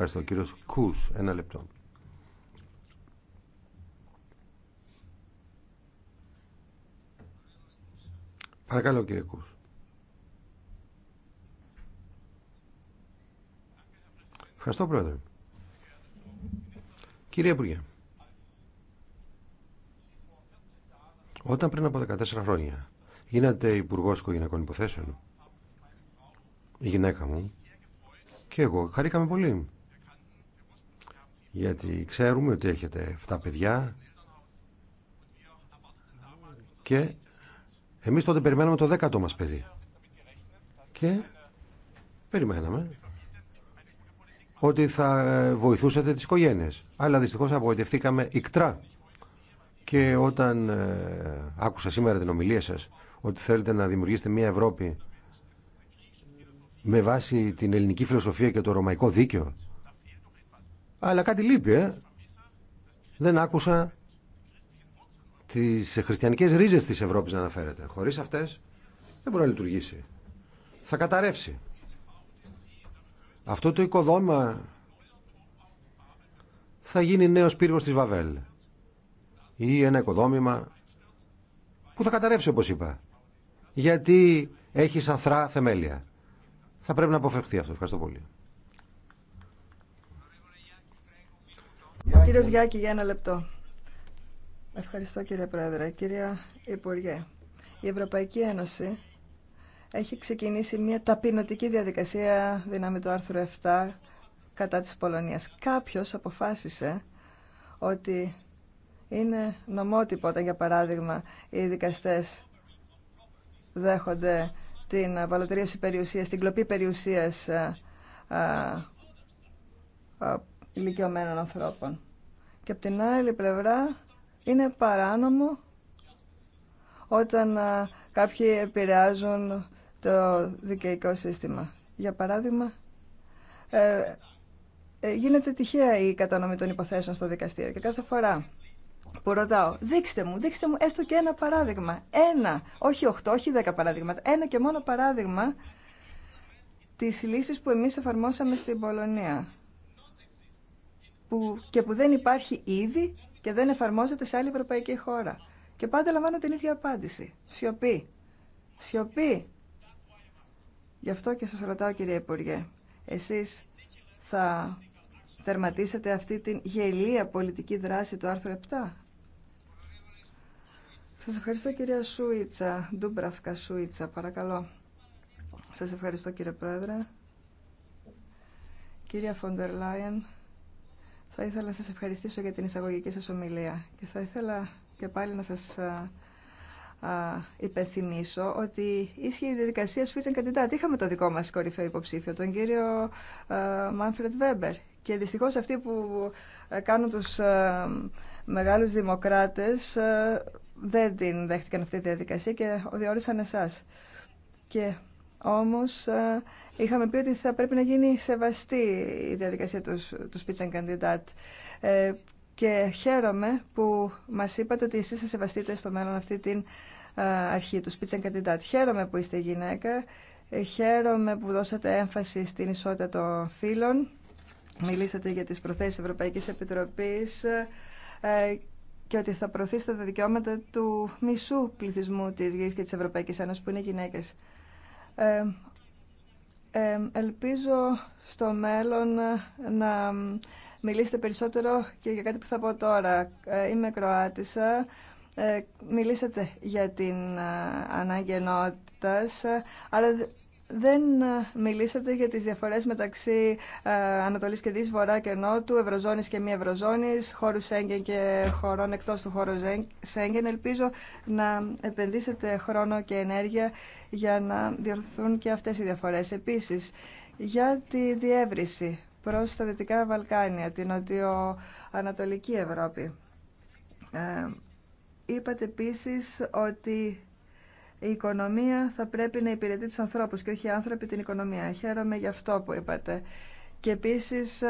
Ευχαριστώ. Κύριο Κού, ένα λεπτό. Παρακαλώ κύριε Κού. Ευχαριστώ πρόεδρε. Κύριε Υπουργέ, όταν πριν από 14 χρόνια γίνατε υπουργό οικογενειακών υποθέσεων, η γυναίκα μου και εγώ χαρήκαμε πολύ γιατί ξέρουμε ότι έχετε 7 παιδιά και εμείς τότε περιμέναμε το δέκατο μας παιδί και περιμέναμε ότι θα βοηθούσατε τις οικογένειες αλλά δυστυχώς απογοητευθήκαμε ικτρά και όταν ε, άκουσα σήμερα την ομιλία σας ότι θέλετε να δημιουργήσετε μια Ευρώπη με βάση την ελληνική φιλοσοφία και το ρωμαϊκό δίκαιο αλλά κάτι λείπει, ε. Δεν άκουσα τις χριστιανικές ρίζες της Ευρώπης να αναφέρεται. Χωρίς αυτές δεν μπορεί να λειτουργήσει. Θα καταρρεύσει. Αυτό το οικοδόμα θα γίνει νέος πύργος της Βαβέλ. Ή ένα οικοδόμημα που θα καταρρεύσει όπως είπα. Γιατί έχει σαθρά θεμέλια. Θα πρέπει να αποφευχθεί αυτό. Ευχαριστώ πολύ. Ο κύριος Γιάκη για ένα λεπτό. Ευχαριστώ κύριε Πρόεδρε. Κυρία Υπουργέ, η Ευρωπαϊκή Ένωση έχει ξεκινήσει μια ταπεινωτική διαδικασία δυνάμη του άρθρου 7 κατά της Πολωνίας. Κάποιος αποφάσισε ότι είναι νομότυπο όταν, για παράδειγμα, οι δικαστές δέχονται την απαλωτρίωση περιουσία, την κλοπή περιουσίας ε, ε, ηλικιωμένων ανθρώπων. Και από την άλλη πλευρά είναι παράνομο όταν κάποιοι επηρεάζουν το δικαιικό σύστημα. Για παράδειγμα, ε, ε, γίνεται τυχαία η κατανομή των υποθέσεων στο δικαστήριο και κάθε φορά που ρωτάω, δείξτε μου, δείξτε μου έστω και ένα παράδειγμα. Ένα, όχι οχτώ, όχι δέκα παραδείγματα. Ένα και μόνο παράδειγμα της λύσης που εμείς εφαρμόσαμε στην Πολωνία που, και που δεν υπάρχει ήδη και δεν εφαρμόζεται σε άλλη ευρωπαϊκή χώρα. Και πάντα λαμβάνω την ίδια απάντηση. Σιωπή. Σιωπή. Γι' αυτό και σας ρωτάω κύριε Υπουργέ, εσείς θα τερματίσετε αυτή την γελία πολιτική δράση του άρθρου 7. Σας ευχαριστώ κυρία Σούιτσα, Ντούμπραφκα Σούιτσα, παρακαλώ. Σας ευχαριστώ κύριε Πρόεδρε. Κυρία Φοντερ Λάιεν, θα ήθελα να σας ευχαριστήσω για την εισαγωγική σας ομιλία και θα ήθελα και πάλι να σας υπενθυμίσω ότι ίσχυε η διαδικασία Σφίτσεν Τι Είχαμε το δικό μας κορυφαίο υποψήφιο, τον κύριο Μάνφρετ Βέμπερ. Και δυστυχώς αυτοί που ε, κάνουν τους μεγάλους δημοκράτες δεν την δέχτηκαν αυτή τη διαδικασία και διόρισαν εσάς. Και όμως ε, είχαμε πει ότι θα πρέπει να γίνει σεβαστή η διαδικασία του, του and Ε, και χαίρομαι που μας είπατε ότι εσείς θα σεβαστείτε στο μέλλον αυτή την ε, αρχή του Speech Candidate. Χαίρομαι που είστε γυναίκα, ε, χαίρομαι που δώσατε έμφαση στην ισότητα των φύλων, μιλήσατε για τις προθέσεις Ευρωπαϊκής Επιτροπής και ότι θα προωθήσετε τα δικαιώματα του μισού πληθυσμού της γης και της Ευρωπαϊκής Ένωσης που είναι γυναίκες ελπίζω στο μέλλον να μιλήσετε περισσότερο και για κάτι που θα πω τώρα. Ε, είμαι Κροάτισσα. Ε, μιλήσατε για την ε, ανάγκη ενότητας, αλλά δεν ε, μιλήσατε για τις διαφορές μεταξύ ε, Ανατολής και Δύσης, Βορρά και Νότου, Ευρωζώνης και μη Ευρωζώνης, χώρου Σέγγεν και χωρών εκτός του χώρου Σέγγεν. Ελπίζω να επενδύσετε χρόνο και ενέργεια για να διορθούν και αυτές οι διαφορές. Επίσης, για τη διεύρυνση προς τα Δυτικά Βαλκάνια, την Νοτιοανατολική Ευρώπη. Ε, είπατε επίσης ότι η οικονομία θα πρέπει να υπηρετεί τους ανθρώπους και όχι οι άνθρωποι την οικονομία. Χαίρομαι γι' αυτό που είπατε. Και επίσης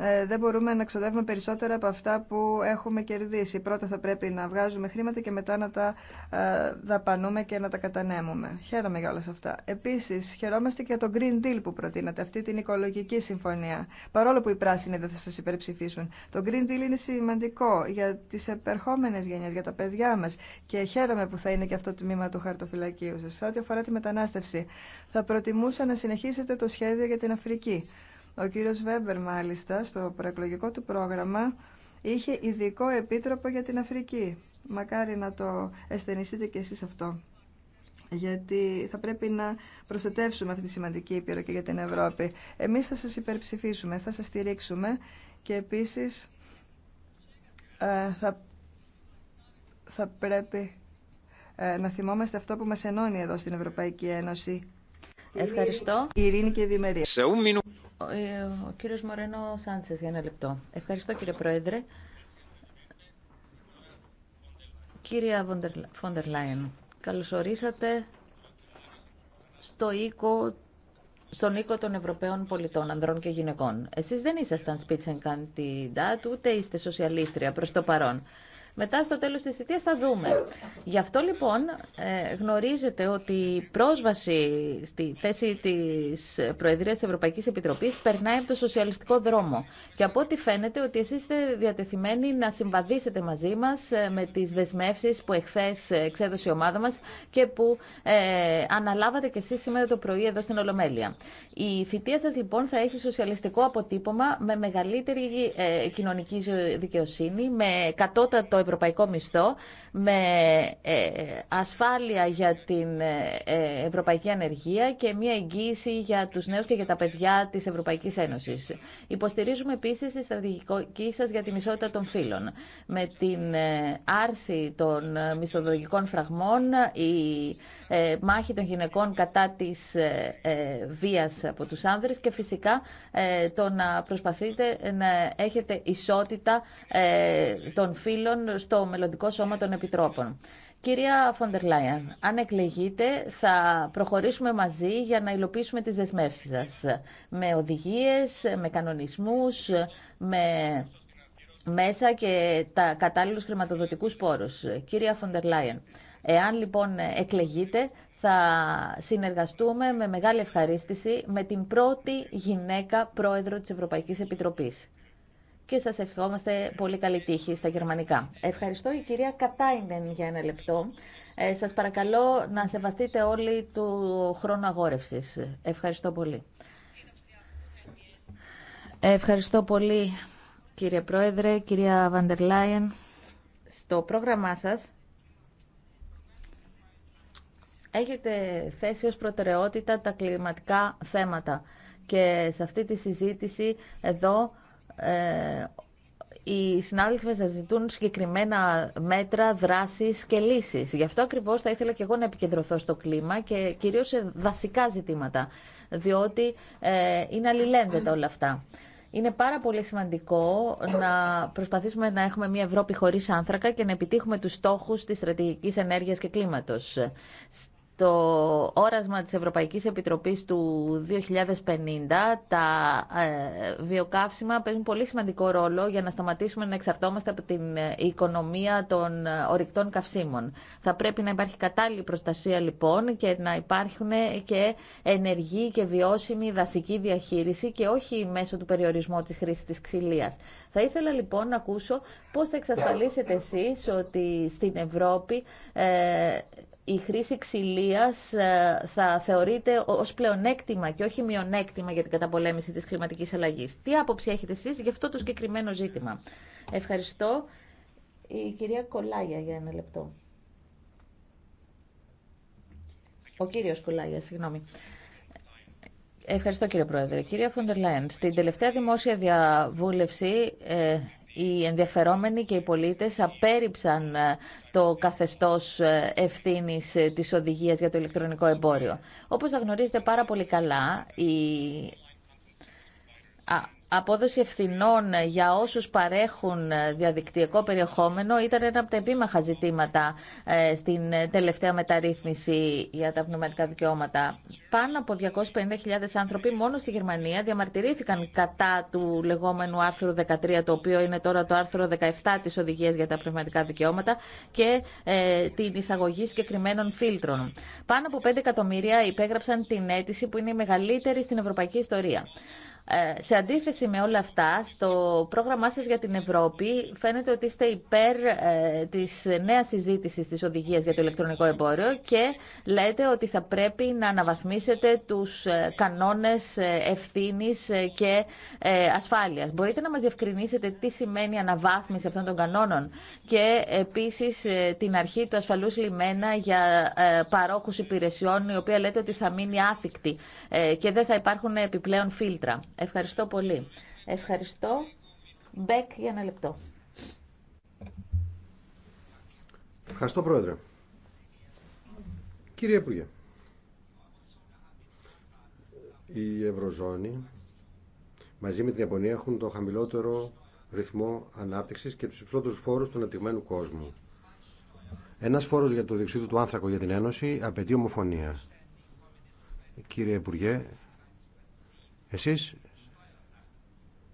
ε, δεν μπορούμε να ξοδεύουμε περισσότερα από αυτά που έχουμε κερδίσει. Πρώτα θα πρέπει να βγάζουμε χρήματα και μετά να τα ε, δαπανούμε και να τα κατανέμουμε. Χαίρομαι για όλα αυτά. Επίση, χαιρόμαστε και για τον Green Deal που προτείνατε, αυτή την οικολογική συμφωνία. Παρόλο που οι πράσινοι δεν θα σα υπερψηφίσουν. Το Green Deal είναι σημαντικό για τι επερχόμενε γενιέ, για τα παιδιά μα. Και χαίρομαι που θα είναι και αυτό το τμήμα του χαρτοφυλακίου σα. Σε ό,τι αφορά τη μετανάστευση, θα προτιμούσα να συνεχίσετε το σχέδιο για την Αφρική ο κύριος Βέμπερ μάλιστα στο προεκλογικό του πρόγραμμα είχε ειδικό επίτροπο για την Αφρική. Μακάρι να το αισθενιστείτε κι εσείς αυτό. Γιατί θα πρέπει να προστατεύσουμε αυτή τη σημαντική ήπειρο και για την Ευρώπη. Εμείς θα σας υπερψηφίσουμε, θα σας στηρίξουμε και επίσης ε, θα, θα πρέπει ε, να θυμόμαστε αυτό που μας ενώνει εδώ στην Ευρωπαϊκή Ένωση Ευχαριστώ. Ειρήνη και ευημερία. Σε ο, ε, ο κύριος Μορένο Σάντσες για ένα λεπτό. Ευχαριστώ κύριε Πρόεδρε. Κύρια Φόντερ Λάιεν, καλωσορίσατε στο οίκο στον οίκο των Ευρωπαίων πολιτών, ανδρών και γυναικών. Εσείς δεν ήσασταν καντιντάτ, ούτε είστε σοσιαλίστρια προς το παρόν. Μετά στο τέλος της θητείας θα δούμε. Γι' αυτό λοιπόν ε, γνωρίζετε ότι η πρόσβαση στη θέση της Προεδρίας της Ευρωπαϊκής Επιτροπής περνάει από το σοσιαλιστικό δρόμο. Και από ό,τι φαίνεται ότι εσείς είστε διατεθειμένοι να συμβαδίσετε μαζί μας ε, με τις δεσμεύσεις που εχθές εξέδωσε η ομάδα μας και που ε, αναλάβατε και εσείς σήμερα το πρωί εδώ στην Ολομέλεια. Η θητεία σας λοιπόν θα έχει σοσιαλιστικό αποτύπωμα με μεγαλύτερη ε, κοινωνική δικαιοσύνη, με κατώτατο ευρωπαϊκό μισθό, με ε, ασφάλεια για την ε, ε, ευρωπαϊκή ανεργία και μια εγγύηση για τους νέους και για τα παιδιά της Ευρωπαϊκής Ένωσης. Υποστηρίζουμε επίσης τη στρατηγική σας για την ισότητα των φύλων. Με την άρση των μισθοδογικών φραγμών, η μάχη των γυναικών κατά της βίας από τους άνδρες και φυσικά το να προσπαθείτε να έχετε ισότητα των φύλων στο μελλοντικό σώμα των Επιτρόπων. Κυρία Φοντερ Λάιαν, αν εκλεγείτε θα προχωρήσουμε μαζί για να υλοποιήσουμε τις δεσμεύσεις σας με οδηγίες, με κανονισμούς, με μέσα και τα κατάλληλους χρηματοδοτικούς πόρους. Κυρία Φοντερ Λάιεν, εάν λοιπόν εκλεγείτε θα συνεργαστούμε με μεγάλη ευχαρίστηση με την πρώτη γυναίκα πρόεδρο της Ευρωπαϊκής Επιτροπής και σας ευχόμαστε πολύ καλή τύχη στα γερμανικά. Ευχαριστώ η κυρία Κατάινεν για ένα λεπτό. Ε, σας παρακαλώ να σεβαστείτε όλοι του χρόνου αγόρευσης. Ευχαριστώ πολύ. Ευχαριστώ πολύ κύριε Πρόεδρε, κυρία Βαντερ Λάιεν. Στο πρόγραμμά σας έχετε θέσει ως προτεραιότητα τα κλιματικά θέματα. Και σε αυτή τη συζήτηση εδώ ε, οι συνάδελφοι μας ζητούν συγκεκριμένα μέτρα, δράσης και λύσεις. Γι' αυτό ακριβώς θα ήθελα και εγώ να επικεντρωθώ στο κλίμα και κυρίως σε δασικά ζητήματα, διότι ε, είναι αλληλένδετα όλα αυτά. Είναι πάρα πολύ σημαντικό να προσπαθήσουμε να έχουμε μια Ευρώπη χωρίς άνθρακα και να επιτύχουμε τους στόχους της στρατηγικής ενέργειας και κλίματος το όρασμα της Ευρωπαϊκής Επιτροπής του 2050, τα ε, βιοκαύσιμα παίζουν πολύ σημαντικό ρόλο για να σταματήσουμε να εξαρτώμαστε από την ε, οικονομία των ε, ορυκτών καυσίμων. Θα πρέπει να υπάρχει κατάλληλη προστασία λοιπόν και να υπάρχουν και ενεργή και βιώσιμη δασική διαχείριση και όχι μέσω του περιορισμού της χρήσης της ξυλίας. Θα ήθελα λοιπόν να ακούσω πώς θα εξασφαλίσετε εσείς ότι στην Ευρώπη η χρήση ξυλίας ε, θα θεωρείται ως πλεονέκτημα και όχι μειονέκτημα για την καταπολέμηση της κλιματικής αλλαγής. Τι άποψη έχετε εσείς γι' αυτό το συγκεκριμένο ζήτημα. Ευχαριστώ. Η κυρία Κολάγια για ένα λεπτό. Ο κύριος Κολάγια, συγγνώμη. Ευχαριστώ κύριε Πρόεδρε. Κυρία Φοντερ στην τελευταία δημόσια διαβούλευση ε, οι ενδιαφερόμενοι και οι πολίτες απέρριψαν ε, το καθεστώς ε, ευθύνης ε, της οδηγίας για το ηλεκτρονικό εμπόριο. Όπως θα γνωρίζετε πάρα πολύ καλά, απόδοση ευθυνών για όσους παρέχουν διαδικτυακό περιεχόμενο ήταν ένα από τα επίμαχα ζητήματα ε, στην τελευταία μεταρρύθμιση για τα πνευματικά δικαιώματα. Πάνω από 250.000 άνθρωποι μόνο στη Γερμανία διαμαρτυρήθηκαν κατά του λεγόμενου άρθρου 13, το οποίο είναι τώρα το άρθρο 17 της Οδηγίας για τα Πνευματικά Δικαιώματα και ε, την εισαγωγή συγκεκριμένων φίλτρων. Πάνω από 5 εκατομμύρια υπέγραψαν την αίτηση που είναι η μεγαλύτερη στην ευρωπαϊκή ιστορία. Ε, σε αντίθεση με όλα αυτά, στο πρόγραμμά σας για την Ευρώπη φαίνεται ότι είστε υπέρ ε, της νέας συζήτησης της οδηγίας για το ηλεκτρονικό εμπόριο και λέτε ότι θα πρέπει να αναβαθμίσετε τους ε, κανόνες ευθύνης και ασφάλειας. Μπορείτε να μας διευκρινίσετε τι σημαίνει αναβάθμιση αυτών των κανόνων και επίσης την αρχή του ασφαλούς λιμένα για παρόχους υπηρεσιών, η οποία λέτε ότι θα μείνει άθικτη και δεν θα υπάρχουν επιπλέον φίλτρα. Ευχαριστώ πολύ. Ευχαριστώ. Μπέκ για ένα λεπτό. Ευχαριστώ Πρόεδρε. Κύριε Υπουργέ, η Ευρωζώνη μαζί με την Ιαπωνία έχουν το χαμηλότερο ρυθμό ανάπτυξης και τους υψηλότερους φόρους του αναπτυγμένου κόσμου. Ένας φόρος για το διοξείδιο του άνθρακο για την Ένωση απαιτεί ομοφωνία. Κύριε Υπουργέ, εσείς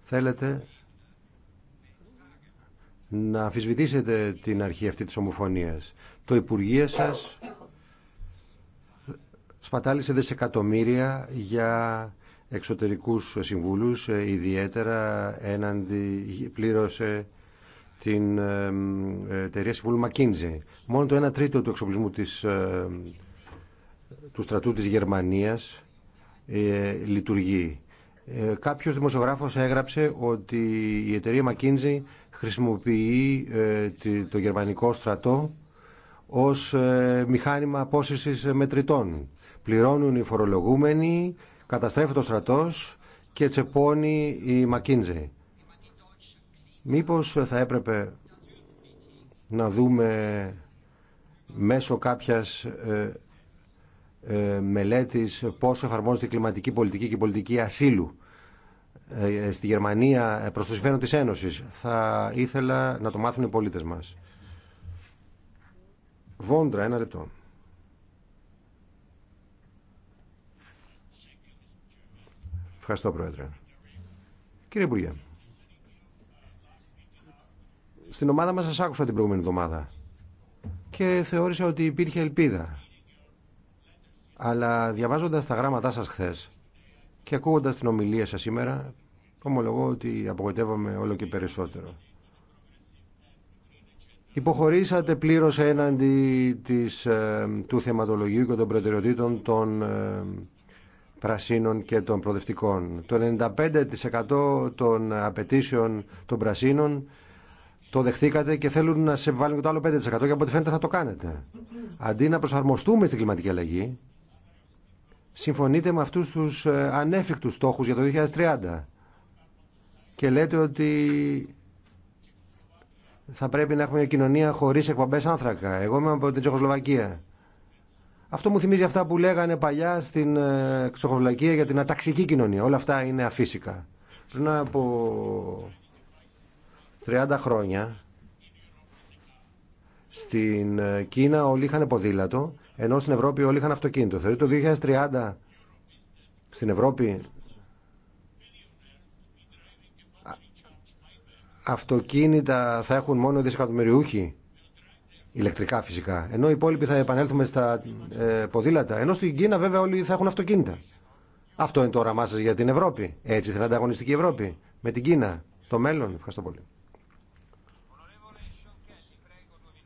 θέλετε να αμφισβητήσετε την αρχή αυτή της ομοφωνίας. Το Υπουργείο σας σπατάλησε δισεκατομμύρια για εξωτερικούς συμβούλους, ιδιαίτερα έναντι, πλήρωσε την εταιρεία συμβούλου McKinsey. Μόνο το 1 τρίτο του εξοπλισμού της, του στρατού της Γερμανίας ε, λειτουργεί. Ε, Κάποιο δημοσιογράφο έγραψε ότι η εταιρεία McKinsey χρησιμοποιεί ε, το γερμανικό στρατό ως ε, μηχάνημα απόσυρση μετρητών. Πληρώνουν οι φορολογούμενοι, καταστρέφεται ο στρατός και τσεπώνει η McKinsey. Μήπως θα έπρεπε να δούμε μέσω κάποιας ε, μελέτης πώς εφαρμόζεται η κλιματική πολιτική και η πολιτική ασύλου ε, στη Γερμανία ε, προς το συμφέρον της Ένωσης. Θα ήθελα να το μάθουν οι πολίτες μας. Βόντρα, ένα λεπτό. Ευχαριστώ, Πρόεδρε. Κύριε Υπουργέ, στην ομάδα μας σας άκουσα την προηγούμενη εβδομάδα και θεώρησα ότι υπήρχε ελπίδα αλλά διαβάζοντα τα γράμματά σα χθε και ακούγοντα την ομιλία σα σήμερα, ομολογώ ότι απογοητεύομαι όλο και περισσότερο. Υποχωρήσατε πλήρως έναντι της, ε, του θεματολογίου και των προτεραιοτήτων των ε, πρασίνων και των προοδευτικών. Το 95% των απαιτήσεων των πρασίνων το δεχτήκατε και θέλουν να σε βάλουν το άλλο 5% και από ό,τι φαίνεται θα το κάνετε. Αντί να προσαρμοστούμε στην κλιματική αλλαγή, συμφωνείτε με αυτούς τους ε, ανέφικτους στόχους για το 2030 και λέτε ότι θα πρέπει να έχουμε μια κοινωνία χωρίς εκπομπές άνθρακα. Εγώ είμαι από την Τσεχοσλοβακία. Αυτό μου θυμίζει αυτά που λέγανε παλιά στην ε, Τσεχοσλοβακία για την αταξική κοινωνία. Όλα αυτά είναι αφύσικα. Πριν από 30 χρόνια στην ε, Κίνα όλοι είχαν ποδήλατο ενώ στην Ευρώπη όλοι είχαν αυτοκίνητο. Θεωρείτε το 2030 στην Ευρώπη αυτοκίνητα θα έχουν μόνο δισεκατομμυριούχοι ηλεκτρικά φυσικά, ενώ οι υπόλοιποι θα επανέλθουμε στα ε, ποδήλατα, ενώ στην Κίνα βέβαια όλοι θα έχουν αυτοκίνητα. Αυτό είναι το όραμά σα για την Ευρώπη. Έτσι θα είναι ανταγωνιστική η Ευρώπη με την Κίνα στο μέλλον. Ευχαριστώ πολύ.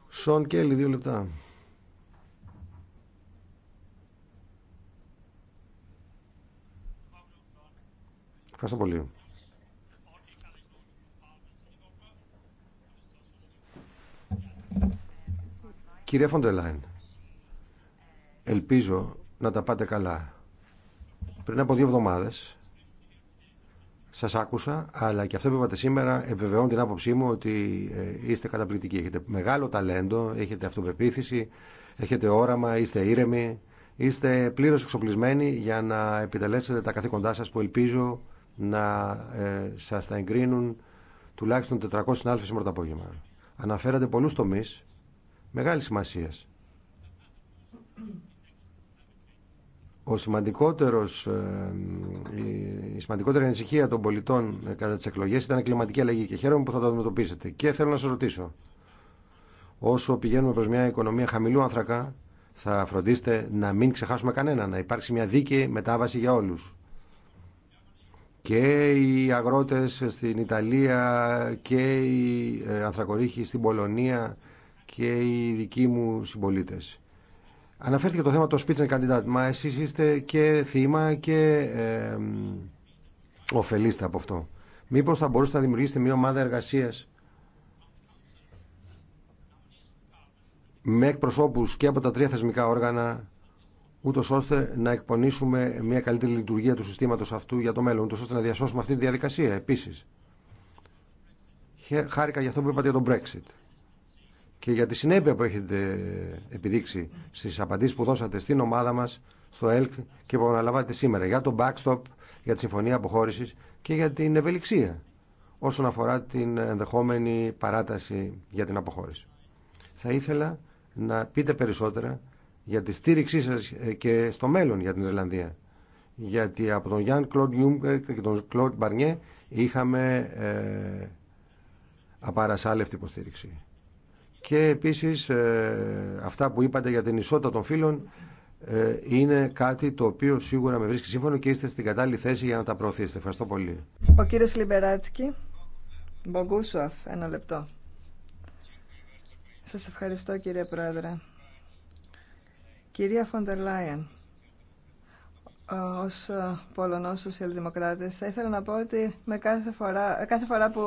Σον Κέλλη, δύο λεπτά. Ευχαριστώ πολύ. Κυρία Φοντελάιν, ελπίζω να τα πάτε καλά. Πριν από δύο εβδομάδες σας άκουσα, αλλά και αυτό που είπατε σήμερα επιβεβαιώνει την άποψή μου ότι ε, είστε καταπληκτικοί. Έχετε μεγάλο ταλέντο, έχετε αυτοπεποίθηση, έχετε όραμα, είστε ήρεμοι, είστε πλήρως εξοπλισμένοι για να επιτελέσετε τα καθήκοντά σας που ελπίζω να ε, σας τα εγκρίνουν τουλάχιστον 400 συνάδελφοι σήμερα το απόγευμα. Αναφέρατε πολλούς τομείς μεγάλης σημασίας. Ο σημαντικότερος, ε, η σημαντικότερη ανησυχία των πολιτών ε, κατά τις εκλογές ήταν η κλιματική αλλαγή και χαίρομαι που θα το αντιμετωπίσετε. Και θέλω να σας ρωτήσω, όσο πηγαίνουμε προς μια οικονομία χαμηλού άνθρακα, θα φροντίσετε να μην ξεχάσουμε κανένα, να υπάρξει μια δίκαιη μετάβαση για όλους και οι αγρότες στην Ιταλία και οι ε, ανθρακορίχοι στην Πολωνία και οι δικοί μου συμπολίτε. Αναφέρθηκε το θέμα των Spitzenkandidat, μα εσείς είστε και θύμα και ε, ωφελείστε από αυτό. Μήπως θα μπορούσατε να δημιουργήσετε μια ομάδα εργασίας με εκπροσώπους και από τα τρία θεσμικά όργανα ούτω ώστε να εκπονήσουμε μια καλύτερη λειτουργία του συστήματο αυτού για το μέλλον, ούτω ώστε να διασώσουμε αυτή τη διαδικασία. Επίση, χάρηκα για αυτό που είπατε για τον Brexit και για τη συνέπεια που έχετε επιδείξει στι απαντήσει που δώσατε στην ομάδα μα, στο ΕΛΚ και που αναλαμβάνετε σήμερα για το backstop, για τη συμφωνία αποχώρηση και για την ευελιξία όσον αφορά την ενδεχόμενη παράταση για την αποχώρηση. Θα ήθελα να πείτε περισσότερα για τη στήριξή σας ε, και στο μέλλον για την Ιρλανδία. Γιατί από τον Γιάνν Κλοντ Γιούμπερ και τον Κλοντ Μπαρνιέ είχαμε ε, απαρασάλευτη υποστήριξη. Και επίσης ε, αυτά που είπατε για την ισότητα των φίλων ε, είναι κάτι το οποίο σίγουρα με βρίσκει σύμφωνο και είστε στην κατάλληλη θέση για να τα προωθήσετε. Ευχαριστώ πολύ. Ο κύριος Λιμπεράτσκι, Μπογκούσουαφ, ένα λεπτό. Σας ευχαριστώ κύριε Πρόεδρε. Κυρία Φοντερ Λάιεν, ε, ως ε, Πολωνός Σοσιαλδημοκράτης, θα ήθελα να πω ότι με κάθε, φορά, ε, κάθε φορά που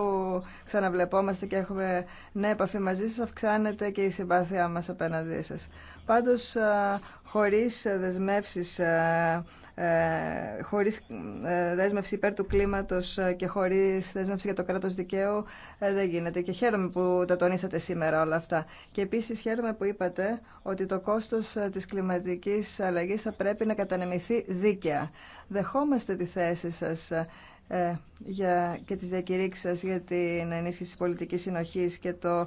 ξαναβλεπόμαστε και έχουμε νέα επαφή μαζί σας, αυξάνεται και η συμπάθειά μας απέναντί σας. Πάντως, χωρίς δεσμεύσεις ε, χωρίς ε, δέσμευση υπέρ του κλίματος ε, και χωρίς δέσμευση για το κράτος δικαίου δεν γίνεται. Και χαίρομαι που τα τονίσατε σήμερα όλα αυτά. Και επίσης χαίρομαι που είπατε ότι το κόστος της κλιματικής αλλαγής θα πρέπει να κατανεμηθεί δίκαια. Δεχόμαστε τη θέση σας για, και τις διακηρύξεις σας για την ενίσχυση της πολιτικής συνοχής και το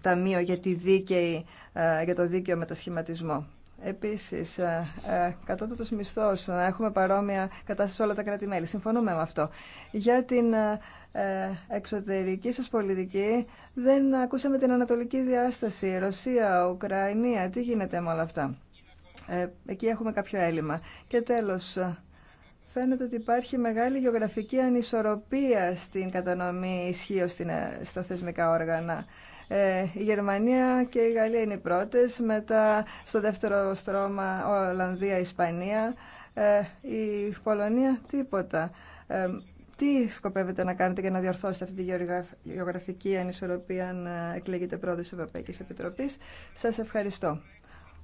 Ταμείο για, τη δίκαιη, για το δίκαιο μετασχηματισμό. Επίσης, ε, ε, κατώτατος μισθός, να έχουμε παρόμοια κατάσταση σε όλα τα κράτη-μέλη. Συμφωνούμε με αυτό. Για την ε, εξωτερική σας πολιτική δεν ακούσαμε την ανατολική διάσταση. Ρωσία, Ουκρανία, τι γίνεται με όλα αυτά. Εκεί έχουμε κάποιο έλλειμμα. Και τέλος, φαίνεται ότι υπάρχει μεγάλη γεωγραφική ανισορροπία στην κατανομή ισχύω στα θεσμικά όργανα. Ε, η Γερμανία και η Γαλλία είναι οι πρώτες, μετά στο δεύτερο στρώμα Ολλανδία, Ισπανία, ε, η Πολωνία τίποτα. Ε, τι σκοπεύετε να κάνετε για να διορθώσετε αυτή τη γεωγραφική ανισορροπία να εκλέγετε πρόεδρος της Ευρωπαϊκής Επιτροπής. Σας ευχαριστώ.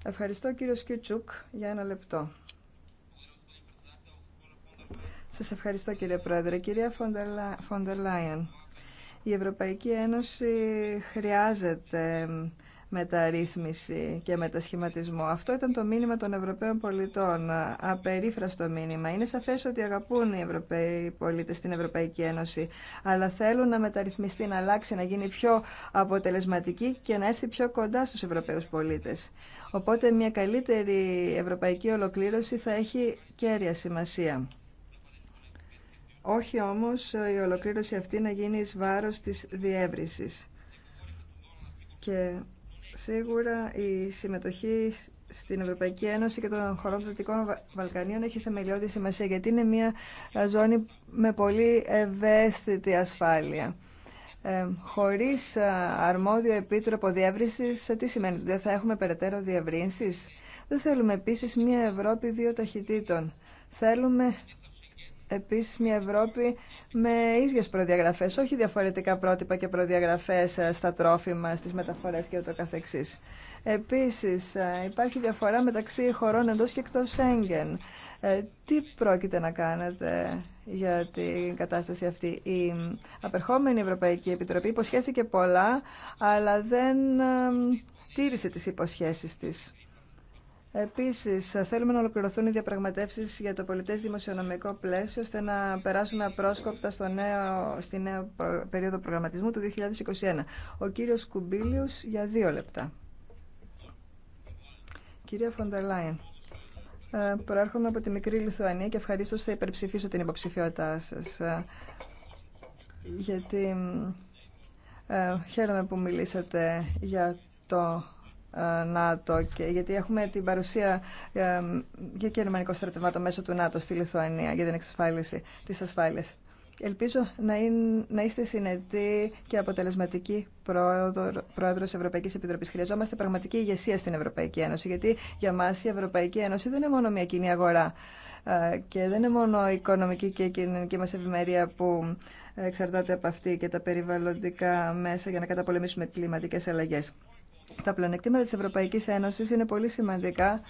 Ευχαριστώ κύριο Σκιουτσούκ για ένα λεπτό. Σας ευχαριστώ κύριε Πρόεδρε. Κυρία Φοντερ η Ευρωπαϊκή Ένωση χρειάζεται μεταρρύθμιση και μετασχηματισμό. Αυτό ήταν το μήνυμα των Ευρωπαίων πολιτών. Απερίφραστο μήνυμα. Είναι σαφές ότι αγαπούν οι Ευρωπαίοι πολίτες την Ευρωπαϊκή Ένωση, αλλά θέλουν να μεταρρυθμιστεί, να αλλάξει, να γίνει πιο αποτελεσματική και να έρθει πιο κοντά στους Ευρωπαίους πολίτες. Οπότε μια καλύτερη ευρωπαϊκή ολοκλήρωση θα έχει κέρια σημασία. Όχι όμως η ολοκλήρωση αυτή να γίνει εις βάρος της διεύρυνσης. Και σίγουρα η συμμετοχή στην Ευρωπαϊκή Ένωση και των χωρών Δυτικών Βαλκανίων έχει θεμελιώδη σημασία γιατί είναι μια ε, ζώνη με πολύ ευαίσθητη ασφάλεια. Ε, χωρίς ε, αρμόδιο επίτροπο διεύρυνσης, ε, τι σημαίνει δεν θα έχουμε περαιτέρω διευρύνσεις. Δεν θέλουμε επίσης μια Ευρώπη δύο ταχυτήτων. Θέλουμε επίσης μια Ευρώπη με ίδιες προδιαγραφές, όχι διαφορετικά πρότυπα και προδιαγραφές ε, στα τρόφιμα, στις μεταφορές και ούτω καθεξής. Επίσης ε, υπάρχει διαφορά μεταξύ χωρών εντός και εκτός έγκεν. Ε, τι πρόκειται να κάνετε για την κατάσταση αυτή. Η απερχόμενη Ευρωπαϊκή Επιτροπή υποσχέθηκε πολλά, αλλά δεν τήρησε τις υποσχέσεις της. Επίση, θέλουμε να ολοκληρωθούν οι διαπραγματεύσει για το πολιτέ δημοσιονομικό πλαίσιο, ώστε να περάσουμε απρόσκοπτα στο νέο, στη νέα περίοδο προγραμματισμού του 2021. Ο κύριο Κουμπίλιο για δύο λεπτά. Κυρία Φοντελάιν, ε, προέρχομαι από τη μικρή Λιθουανία και ευχαρίστω θα υπερψηφίσω την υποψηφιότητά σα. Ε, γιατί ε, ε, χαίρομαι που μιλήσατε για το ε, ΝΑΤΟ και γιατί έχουμε την παρουσία ε, και γερμανικών στρατευμάτων μέσω του ΝΑΤΟ στη Λιθουανία για την εξασφάλιση της ασφάλειας. Ελπίζω να, είναι, να είστε συνετοί και αποτελεσματικοί πρόεδρο τη Ευρωπαϊκή Επιτροπή. Χρειαζόμαστε πραγματική ηγεσία στην Ευρωπαϊκή Ένωση, γιατί για μα η Ευρωπαϊκή Ένωση δεν είναι μόνο μια κοινή αγορά ε, και δεν είναι μόνο η οικονομική και η κοινωνική μα ευημερία που εξαρτάται από αυτή και τα περιβαλλοντικά μέσα για να καταπολεμήσουμε κλιματικέ αλλαγέ. Τα πλανεκτήματα της Ευρωπαϊκής Ένωσης είναι πολύ σημαντικά,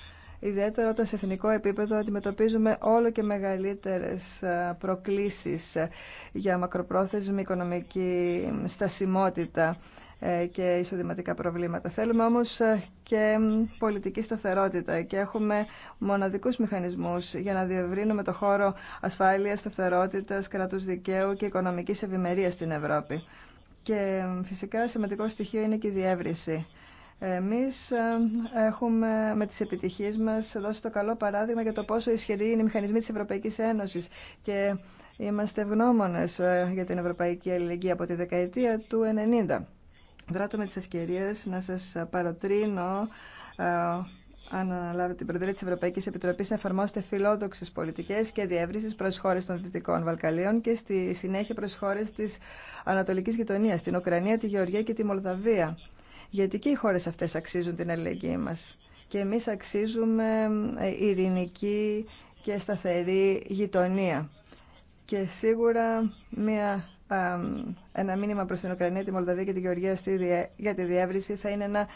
ιδιαίτερα όταν σε εθνικό επίπεδο αντιμετωπίζουμε όλο και μεγαλύτερες ε, προκλήσεις ε, για μακροπρόθεσμη οικονομική στασιμότητα ε, και εισοδηματικά προβλήματα. Θέλουμε όμως και πολιτική σταθερότητα και έχουμε μοναδικούς μηχανισμούς για να διευρύνουμε το χώρο ασφάλειας, σταθερότητας, κρατούς δικαίου και οικονομικής ευημερίας στην Ευρώπη. Και φυσικά σημαντικό στοιχείο είναι και η διεύρυνση. Εμείς ε, έχουμε με τις επιτυχίες μας δώσει το καλό παράδειγμα για το πόσο ισχυροί είναι οι μηχανισμοί της Ευρωπαϊκής Ένωσης και είμαστε ευγνώμονες ε, για την Ευρωπαϊκή Αλληλεγγύη από τη δεκαετία του 90. Δράτω με τις ευκαιρίες να σας παροτρύνω ε, αν αναλάβετε την Προεδρία τη Ευρωπαϊκή Επιτροπή, να εφαρμόσετε φιλόδοξε πολιτικέ και διεύρυνση προ χώρε των Δυτικών Βαλκαλίων και στη συνέχεια προ χώρε τη Ανατολική Γειτονία, την Ουκρανία, τη Γεωργία και τη Μολδαβία γιατί και οι χώρες αυτές αξίζουν την αλληλεγγύη μας. Και εμείς αξίζουμε ε, ειρηνική και σταθερή γειτονία. Και σίγουρα μια ένα μήνυμα προς την Ουκρανία, τη Μολδαβία και τη Γεωργία για τη διεύρυνση θα είναι ένα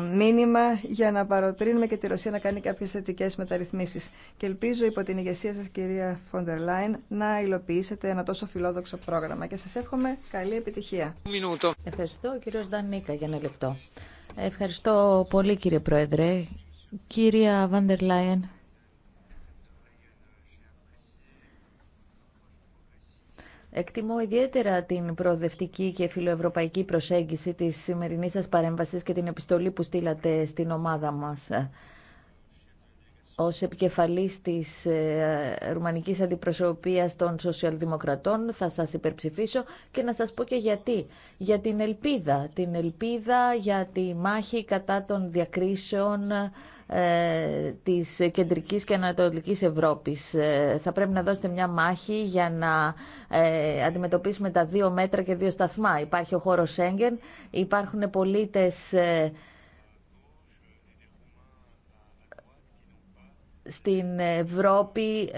μήνυμα για να παροτρύνουμε και τη Ρωσία να κάνει κάποιες θετικές μεταρρυθμίσεις. Και ελπίζω υπό την ηγεσία σας κυρία Φοντερ Λάιν να υλοποιήσετε ένα τόσο φιλόδοξο πρόγραμμα και σας εύχομαι καλή επιτυχία. Ευχαριστώ για ένα λεπτό. Ευχαριστώ πολύ κύριε Πρόεδρε. Κύρια Βαντερ Εκτιμώ ιδιαίτερα την προοδευτική και φιλοευρωπαϊκή προσέγγιση της σημερινής σας παρέμβασης και την επιστολή που στείλατε στην ομάδα μας. Ως επικεφαλής της ε, Ρουμανικής Αντιπροσωπείας των Σοσιαλδημοκρατών θα σας υπερψηφίσω και να σας πω και γιατί. Για την ελπίδα. Την ελπίδα για τη μάχη κατά των διακρίσεων ε, της κεντρικής και ανατολικής Ευρώπης. Ε, θα πρέπει να δώσετε μια μάχη για να ε, αντιμετωπίσουμε τα δύο μέτρα και δύο σταθμά. Υπάρχει ο χώρος Σέγγεν, υπάρχουν πολίτες στην Ευρώπη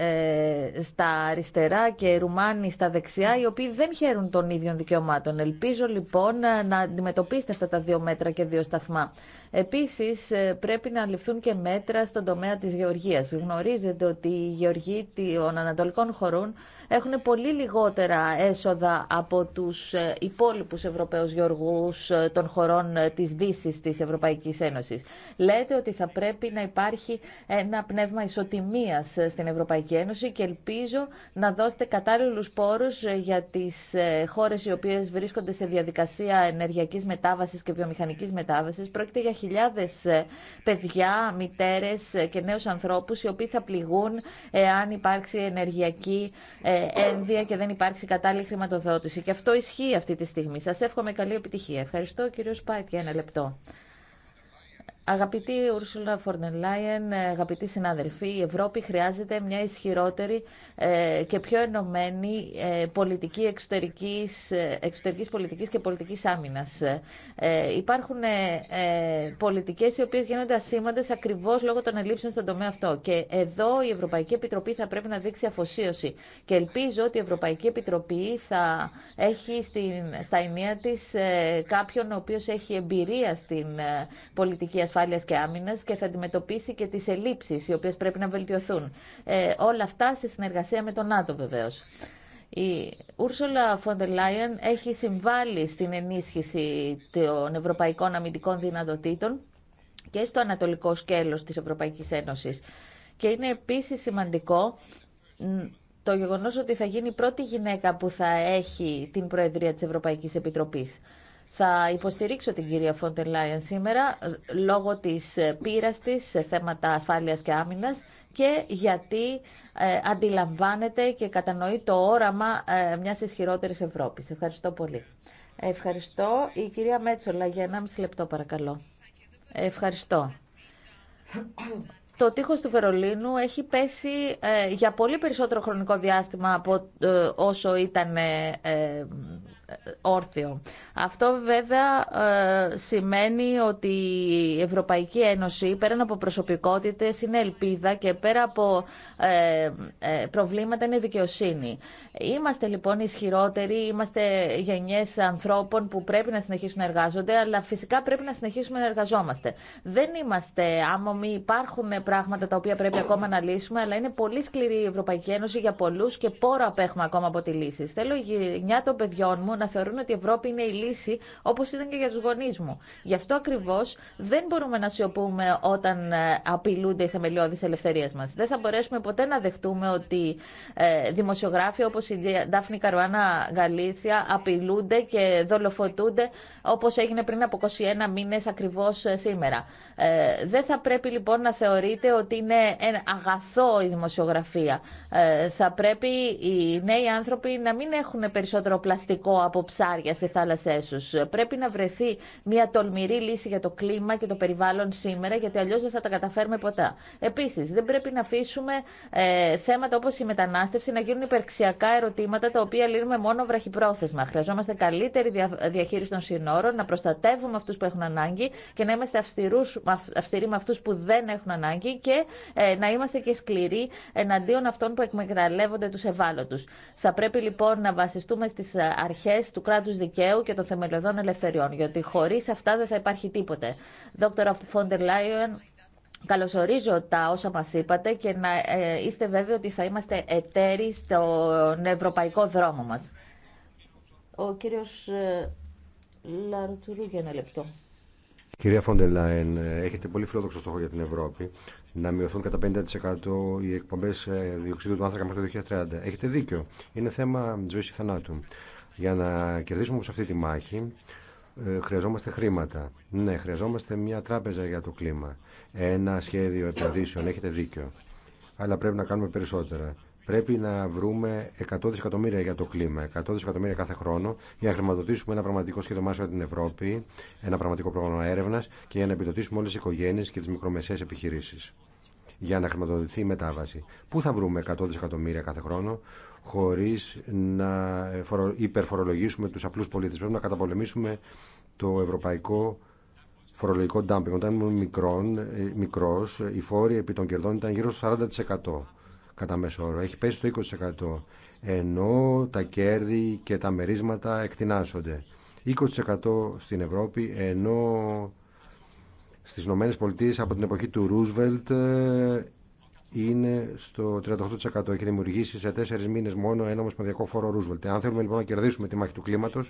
στα αριστερά και Ρουμάνοι στα δεξιά, οι οποίοι δεν χαίρουν των ίδιων δικαιωμάτων. Ελπίζω λοιπόν να αντιμετωπίσετε αυτά τα δύο μέτρα και δύο σταθμά. Επίση, ε, πρέπει να ληφθούν και μέτρα στον τομέα τη γεωργία. Γνωρίζετε ότι οι γεωργοί των ανατολικών χωρών έχουν πολύ λιγότερα έσοδα από του ε, υπόλοιπου Ευρωπαίου γεωργού ε, των χωρών τη δύση τη Ευρωπαϊκή Ένωση. Λέτε ότι θα πρέπει να υπάρχει ένα πνεύμα ισοτιμίας στην Ευρωπαϊκή Ένωση και ελπίζω να δώσετε κατάλληλου πόρου για τι χώρε οι οποίε βρίσκονται σε διαδικασία ενεργειακή μετάβαση και βιομηχανική μετάβαση. Πρόκειται ε, παιδιά, μητέρες ε, και νέους ανθρώπους οι οποίοι θα πληγούν εάν υπάρξει ενεργειακή ε, ένδυα και δεν υπάρξει κατάλληλη χρηματοδότηση. Και αυτό ισχύει αυτή τη στιγμή. Σας εύχομαι καλή επιτυχία. Ευχαριστώ κύριο Σπάιτ για ένα λεπτό. Αγαπητή Ούρσουλα Φορνελάιεν, αγαπητοί συνάδελφοι, η Ευρώπη χρειάζεται μια ισχυρότερη ε, και πιο ενωμένη ε, πολιτική εξωτερικής, ε, εξωτερικής πολιτικής και πολιτικής άμυνας. Υπάρχουν πολιτικές οι οποίες γίνονται ασήμαντες ακριβώς λόγω των ελλείψεων στον τομέα αυτό. Και εδώ η Ευρωπαϊκή Επιτροπή θα πρέπει να δείξει αφοσίωση. Και ελπίζω ότι η Ευρωπαϊκή Επιτροπή θα έχει στα ενία της κάποιον ο οποίος έχει εμπειρία στην πολιτική ασφάλεια και άμυνας και θα αντιμετωπίσει και τις ελλείψεις οι οποίες πρέπει να βελτιωθούν. Ε, όλα αυτά σε συνεργασία με τον ΝΑΤΟ βεβαίως. Η Ούρσολα Φοντερ Λάιεν έχει συμβάλει στην ενίσχυση των ευρωπαϊκών αμυντικών δυνατοτήτων και στο ανατολικό σκέλος της Ευρωπαϊκής Ένωσης. Και είναι επίσης σημαντικό το γεγονός ότι θα γίνει η πρώτη γυναίκα που θα έχει την Προεδρία της Ευρωπαϊκής Επιτροπής. Θα υποστηρίξω την κυρία Φόντερ σήμερα λόγω της ε, πείρας της σε θέματα ασφάλειας και άμυνας και γιατί ε, αντιλαμβάνεται και κατανοεί το όραμα ε, μιας ισχυρότερης Ευρώπης. Ευχαριστώ πολύ. Ευχαριστώ. Η κυρία Μέτσολα για μισή λεπτό παρακαλώ. Ευχαριστώ. Το τείχος του Βερολίνου έχει πέσει ε, για πολύ περισσότερο χρονικό διάστημα από όσο ήταν όρθιο. Αυτό βέβαια ε, σημαίνει ότι η Ευρωπαϊκή Ένωση πέραν από προσωπικότητες είναι ελπίδα και πέρα από ε, ε, προβλήματα είναι δικαιοσύνη. Είμαστε λοιπόν ισχυρότεροι, είμαστε γενιές ανθρώπων που πρέπει να συνεχίσουν να εργάζονται, αλλά φυσικά πρέπει να συνεχίσουμε να εργαζόμαστε. Δεν είμαστε άμομοι, υπάρχουν πράγματα τα οποία πρέπει ακόμα να λύσουμε, αλλά είναι πολύ σκληρή η Ευρωπαϊκή Ένωση για πολλούς και πόρο απέχουμε ακόμα από τη λύση. Θέλω η γενιά των παιδιών μου να θεωρούν ότι η Ευρώπη είναι η λύση, όπω ήταν και για του γονεί μου. Γι' αυτό ακριβώ δεν μπορούμε να σιωπούμε όταν ε, απειλούνται οι θεμελιώδει ελευθερίε μα. Δεν θα μπορέσουμε ποτέ να δεχτούμε ότι ε, δημοσιογράφοι όπω η Ντάφνη Καρουάνα Γαλήθια απειλούνται και δολοφοτούνται όπω έγινε πριν από 21 μήνε ακριβώ ε, σήμερα. Δεν θα πρέπει λοιπόν να θεωρείτε ότι είναι αγαθό η δημοσιογραφία. Θα πρέπει οι νέοι άνθρωποι να μην έχουν περισσότερο πλαστικό από ψάρια στη θάλασσέ σου. Πρέπει να βρεθεί μια τολμηρή λύση για το κλίμα και το περιβάλλον σήμερα, γιατί αλλιώ δεν θα τα καταφέρουμε ποτέ. Επίση, δεν πρέπει να αφήσουμε ε, θέματα όπω η μετανάστευση να γίνουν υπερξιακά ερωτήματα τα οποία λύνουμε μόνο βραχυπρόθεσμα. Χρειαζόμαστε καλύτερη διαχείριση των συνόρων, να προστατεύουμε αυτού που έχουν ανάγκη και να είμαστε αυστηρούς, αυστηροί με αυτού που δεν έχουν ανάγκη και ε, να είμαστε και σκληροί εναντίον αυτών που εκμεταλλεύονται του ευάλωτου. Θα πρέπει λοιπόν να βασιστούμε στι αρχέ του κράτου δικαίου και των θεμελιωδών ελευθεριών, γιατί χωρί αυτά δεν θα υπάρχει τίποτε. Δόκτωρα Φόντερ Λάιον, Καλωσορίζω τα όσα μας είπατε και να ε, είστε βέβαιοι ότι θα είμαστε εταίροι στον ευρωπαϊκό δρόμο μα. Ο κύριο ε, Λαρτουρού για ένα λεπτό. Κυρία Λάιον, ε, έχετε πολύ φιλόδοξο στόχο για την Ευρώπη να μειωθούν κατά 50% οι εκπομπές διοξιδίου του άνθρακα μέχρι το 2030. Έχετε δίκιο. Είναι θέμα ζωής ή θανάτου. Για να κερδίσουμε σε αυτή τη μάχη ε, χρειαζόμαστε χρήματα. Ναι, χρειαζόμαστε μια τράπεζα για το κλίμα. Ένα σχέδιο επενδύσεων, έχετε δίκιο. Αλλά πρέπει να κάνουμε περισσότερα. Πρέπει να βρούμε 100 δισεκατομμύρια για το κλίμα, 100 δισεκατομμύρια κάθε χρόνο, για να χρηματοδοτήσουμε ένα πραγματικό σχέδιο μάσο για την Ευρώπη, ένα πραγματικό πρόγραμμα έρευνα και για να επιδοτήσουμε όλε τι οικογένειε και τι μικρομεσαίε επιχειρήσει. Για να χρηματοδοτηθεί η μετάβαση. Πού θα βρούμε 100 δισεκατομμύρια κάθε χρόνο, χωρίς να υπερφορολογήσουμε τους απλούς πολίτες. Πρέπει να καταπολεμήσουμε το ευρωπαϊκό φορολογικό ντάμπινγκ. Όταν ήμουν μικρόν, ε, μικρός, οι φόροι επί των κερδών ήταν γύρω στο 40% κατά μέσο όρο. Έχει πέσει στο 20%. Ενώ τα κέρδη και τα μερίσματα εκτινάσσονται. 20% στην Ευρώπη, ενώ στις Ηνωμένες Πολιτείες από την εποχή του Ρούσβελτ είναι στο 38%. Έχει δημιουργήσει σε τέσσερι μήνε μόνο ένα ομοσπονδιακό φόρο Ρούσβελτ. Αν θέλουμε λοιπόν να κερδίσουμε τη μάχη του κλίματο,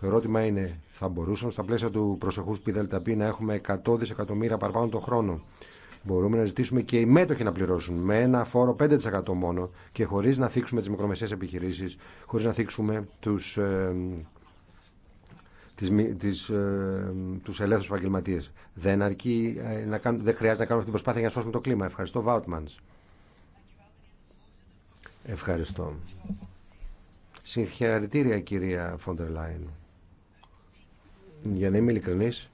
το ερώτημα είναι, θα μπορούσαμε στα πλαίσια του προσεχού ΠΔΕΛΤΑΠΗ να έχουμε 100 δισεκατομμύρια παραπάνω το χρόνο. Μπορούμε να ζητήσουμε και οι μέτοχοι να πληρώσουν με ένα φόρο 5% μόνο και χωρί να θίξουμε τι μικρομεσαίε επιχειρήσει, χωρί να θίξουμε του ε, τις, τις, ε, τους ελεύθερους επαγγελματίες. Δεν, αρκεί, ε, δεν χρειάζεται να κάνουμε αυτή την προσπάθεια για να σώσουμε το κλίμα. Ευχαριστώ, Βάουτμανς. Ευχαριστώ. Συγχαρητήρια, κυρία Φόντερ Λάιν. Για να είμαι ειλικρινής,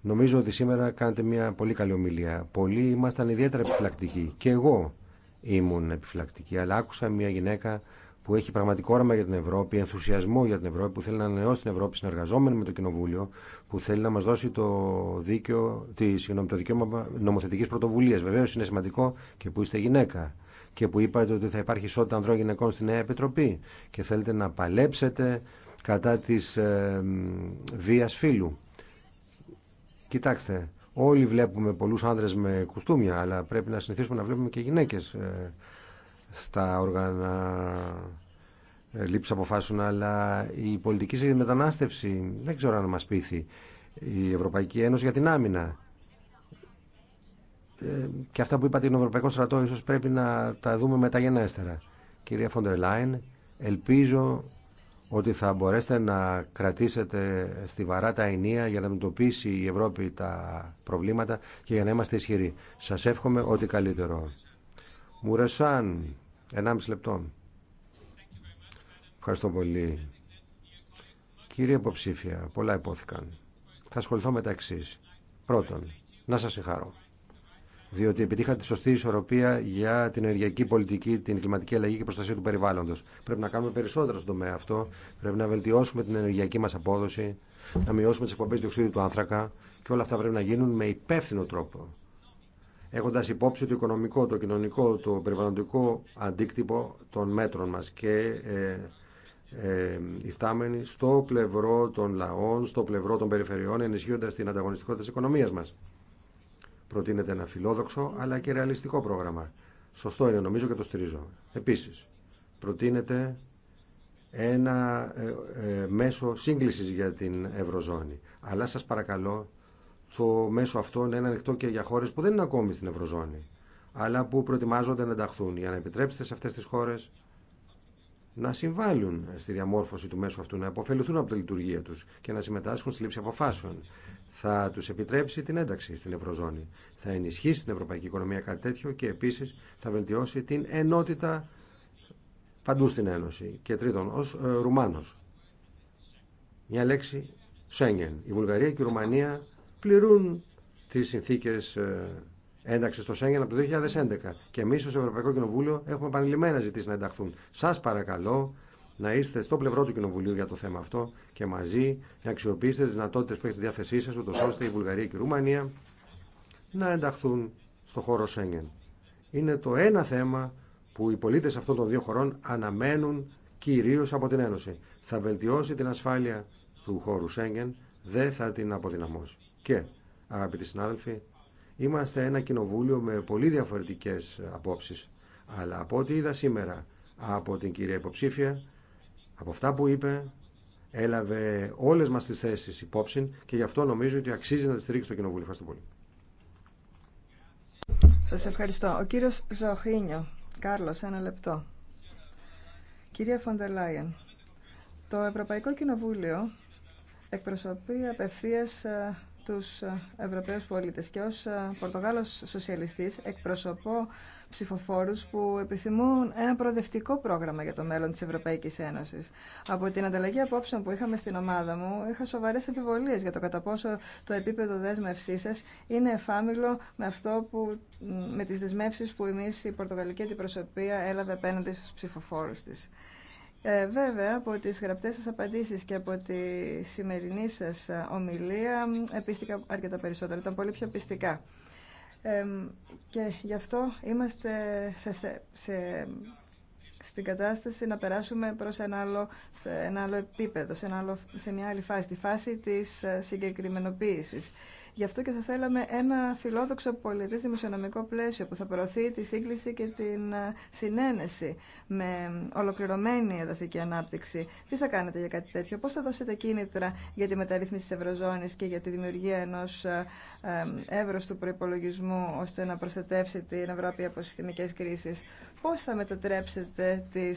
νομίζω ότι σήμερα κάνετε μια πολύ καλή ομιλία. Πολλοί ήμασταν ιδιαίτερα επιφυλακτικοί. Και εγώ ήμουν επιφυλακτική, αλλά άκουσα μια γυναίκα που έχει πραγματικό όραμα για την Ευρώπη, ενθουσιασμό για την Ευρώπη, που θέλει να ανανεώσει την Ευρώπη συνεργαζόμενη με το Κοινοβούλιο, που θέλει να μα δώσει το, δίκαιο, τη, συγγνώμη, το δικαίωμα νομοθετική πρωτοβουλία. Βεβαίω είναι σημαντικό και που είστε γυναίκα και που είπατε ότι θα υπάρχει ισότητα ανδρών γυναικών στη Νέα Επιτροπή και θέλετε να παλέψετε κατά της ε, βίας φύλου. Κοιτάξτε, όλοι βλέπουμε πολλούς άνδρες με κουστούμια, αλλά πρέπει να συνηθίσουμε να βλέπουμε και γυναίκες ε, στα όργανα ε, λήψη αποφάσεων, αλλά η πολιτική μετανάστευση δεν ξέρω αν μας πείθει η Ευρωπαϊκή Ένωση για την άμυνα. Ε, και αυτά που είπατε, τον Ευρωπαϊκό Στρατό, ίσως πρέπει να τα δούμε μεταγενέστερα. Κυρία Φόντερ Λάιν, ελπίζω ότι θα μπορέσετε να κρατήσετε στιβαρά τα ενία για να αντιμετωπίσει η Ευρώπη τα προβλήματα και για να είμαστε ισχυροί. Σας εύχομαι ό,τι καλύτερο. Μουρεσάν, 1,5 λεπτό. Ευχαριστώ πολύ. Κύριε υποψήφια, πολλά υπόθηκαν. Θα ασχοληθώ με τα εξή. Πρώτον, να σας συγχαρώ. Διότι επιτύχατε τη σωστή ισορροπία για την ενεργειακή πολιτική, την κλιματική αλλαγή και προστασία του περιβάλλοντος. Πρέπει να κάνουμε περισσότερα στον τομέα αυτό. Πρέπει να βελτιώσουμε την ενεργειακή μας απόδοση, να μειώσουμε τις εκπομπές διοξείδιου του άνθρακα και όλα αυτά πρέπει να γίνουν με υπεύθυνο τρόπο Έχοντα υπόψη το οικονομικό, το κοινωνικό, το περιβαλλοντικό αντίκτυπο των μέτρων μας και ε, ε, ιστάμενοι ε, στο πλευρό των λαών, στο πλευρό των περιφερειών, ενισχύοντας την ανταγωνιστικότητα της οικονομίας μας. Προτείνεται ένα φιλόδοξο αλλά και ρεαλιστικό πρόγραμμα. Σωστό είναι νομίζω και το στηρίζω. Επίση, προτείνεται ένα ε, ε, μέσο σύγκλησης για την Ευρωζώνη. Αλλά σας παρακαλώ το μέσο αυτό να είναι ανοιχτό και για χώρε που δεν είναι ακόμη στην Ευρωζώνη, αλλά που προετοιμάζονται να ενταχθούν, για να επιτρέψετε σε αυτέ τι χώρε να συμβάλλουν στη διαμόρφωση του μέσου αυτού, να αποφεληθούν από τη λειτουργία του και να συμμετάσχουν στη λήψη αποφάσεων. Θα του επιτρέψει την ένταξη στην Ευρωζώνη. Θα ενισχύσει την ευρωπαϊκή οικονομία κάτι τέτοιο και επίση θα βελτιώσει την ενότητα παντού στην Ένωση. Και τρίτον, ω ε, Μια λέξη Σέγγεν. Η Βουλγαρία και η Ρουμανία πληρούν τις συνθήκες ε, ένταξη στο Σέγγεν από το 2011 και εμείς ως Ευρωπαϊκό Κοινοβούλιο έχουμε επανειλημμένα ζητήσει να ενταχθούν. Σας παρακαλώ να είστε στο πλευρό του Κοινοβουλίου για το θέμα αυτό και μαζί να αξιοποιήσετε τι δυνατότητε που έχετε στη διάθεσή σα, ούτω ώστε η Βουλγαρία και η Ρουμανία να ενταχθούν στο χώρο Σέγγεν. Είναι το ένα θέμα που οι πολίτε αυτών των δύο χωρών αναμένουν κυρίω από την Ένωση. Θα βελτιώσει την ασφάλεια του χώρου Σέγγεν, δεν θα την αποδυναμώσει. Και, αγαπητοί συνάδελφοι, είμαστε ένα κοινοβούλιο με πολύ διαφορετικές απόψεις. Αλλά από ό,τι είδα σήμερα από την κυρία υποψήφια, από αυτά που είπε, έλαβε όλες μας τις θέσεις υπόψη και γι' αυτό νομίζω ότι αξίζει να τη στηρίξει το κοινοβούλιο. Ευχαριστώ πολύ. Σας ευχαριστώ. Ο κύριος Ζωχίνιο. Κάρλος, ένα λεπτό. Κυρία Φοντελάιεν, το Ευρωπαϊκό Κοινοβούλιο εκπροσωπεί απευθείας ε, τους ε, Ευρωπαίους πολίτες και ως ε, Πορτογάλος σοσιαλιστής εκπροσωπώ ψηφοφόρους που επιθυμούν ένα προοδευτικό πρόγραμμα για το μέλλον της Ευρωπαϊκής Ένωσης. Από την ανταλλαγή απόψεων που είχαμε στην ομάδα μου είχα σοβαρές επιβολίες για το κατά πόσο το επίπεδο δέσμευσής σας είναι εφάμιλο με, αυτό τις δεσμεύσεις που εμείς η Πορτογαλική Αντιπροσωπεία έλαβε απέναντι στους ψηφοφόρους της. Ε, βέβαια, από τις γραπτές σας απαντήσεις και από τη σημερινή σας ε, ομιλία επίστηκα αρκετά περισσότερα, ήταν πολύ πιο πιστικά. και γι' αυτό είμαστε σε, σε, στην κατάσταση να περάσουμε προς ένα άλλο, ένα άλλο επίπεδο, σε, ένα σε μια άλλη φάση, τη φάση της ε, συγκεκριμενοποίησης. Γι' αυτό και θα θέλαμε ένα φιλόδοξο πολιτή δημοσιονομικό πλαίσιο που θα προωθεί τη σύγκληση και την ε, συνένεση με ολοκληρωμένη εδαφική ανάπτυξη. Τι θα κάνετε για κάτι τέτοιο, πώ θα δώσετε κίνητρα για τη μεταρρύθμιση τη Ευρωζώνη και για τη δημιουργία ενό ε, ε, εύρου του προπολογισμού ώστε να προστατεύσει την Ευρώπη από συστημικές κρίσει. Πώ θα μετατρέψετε τι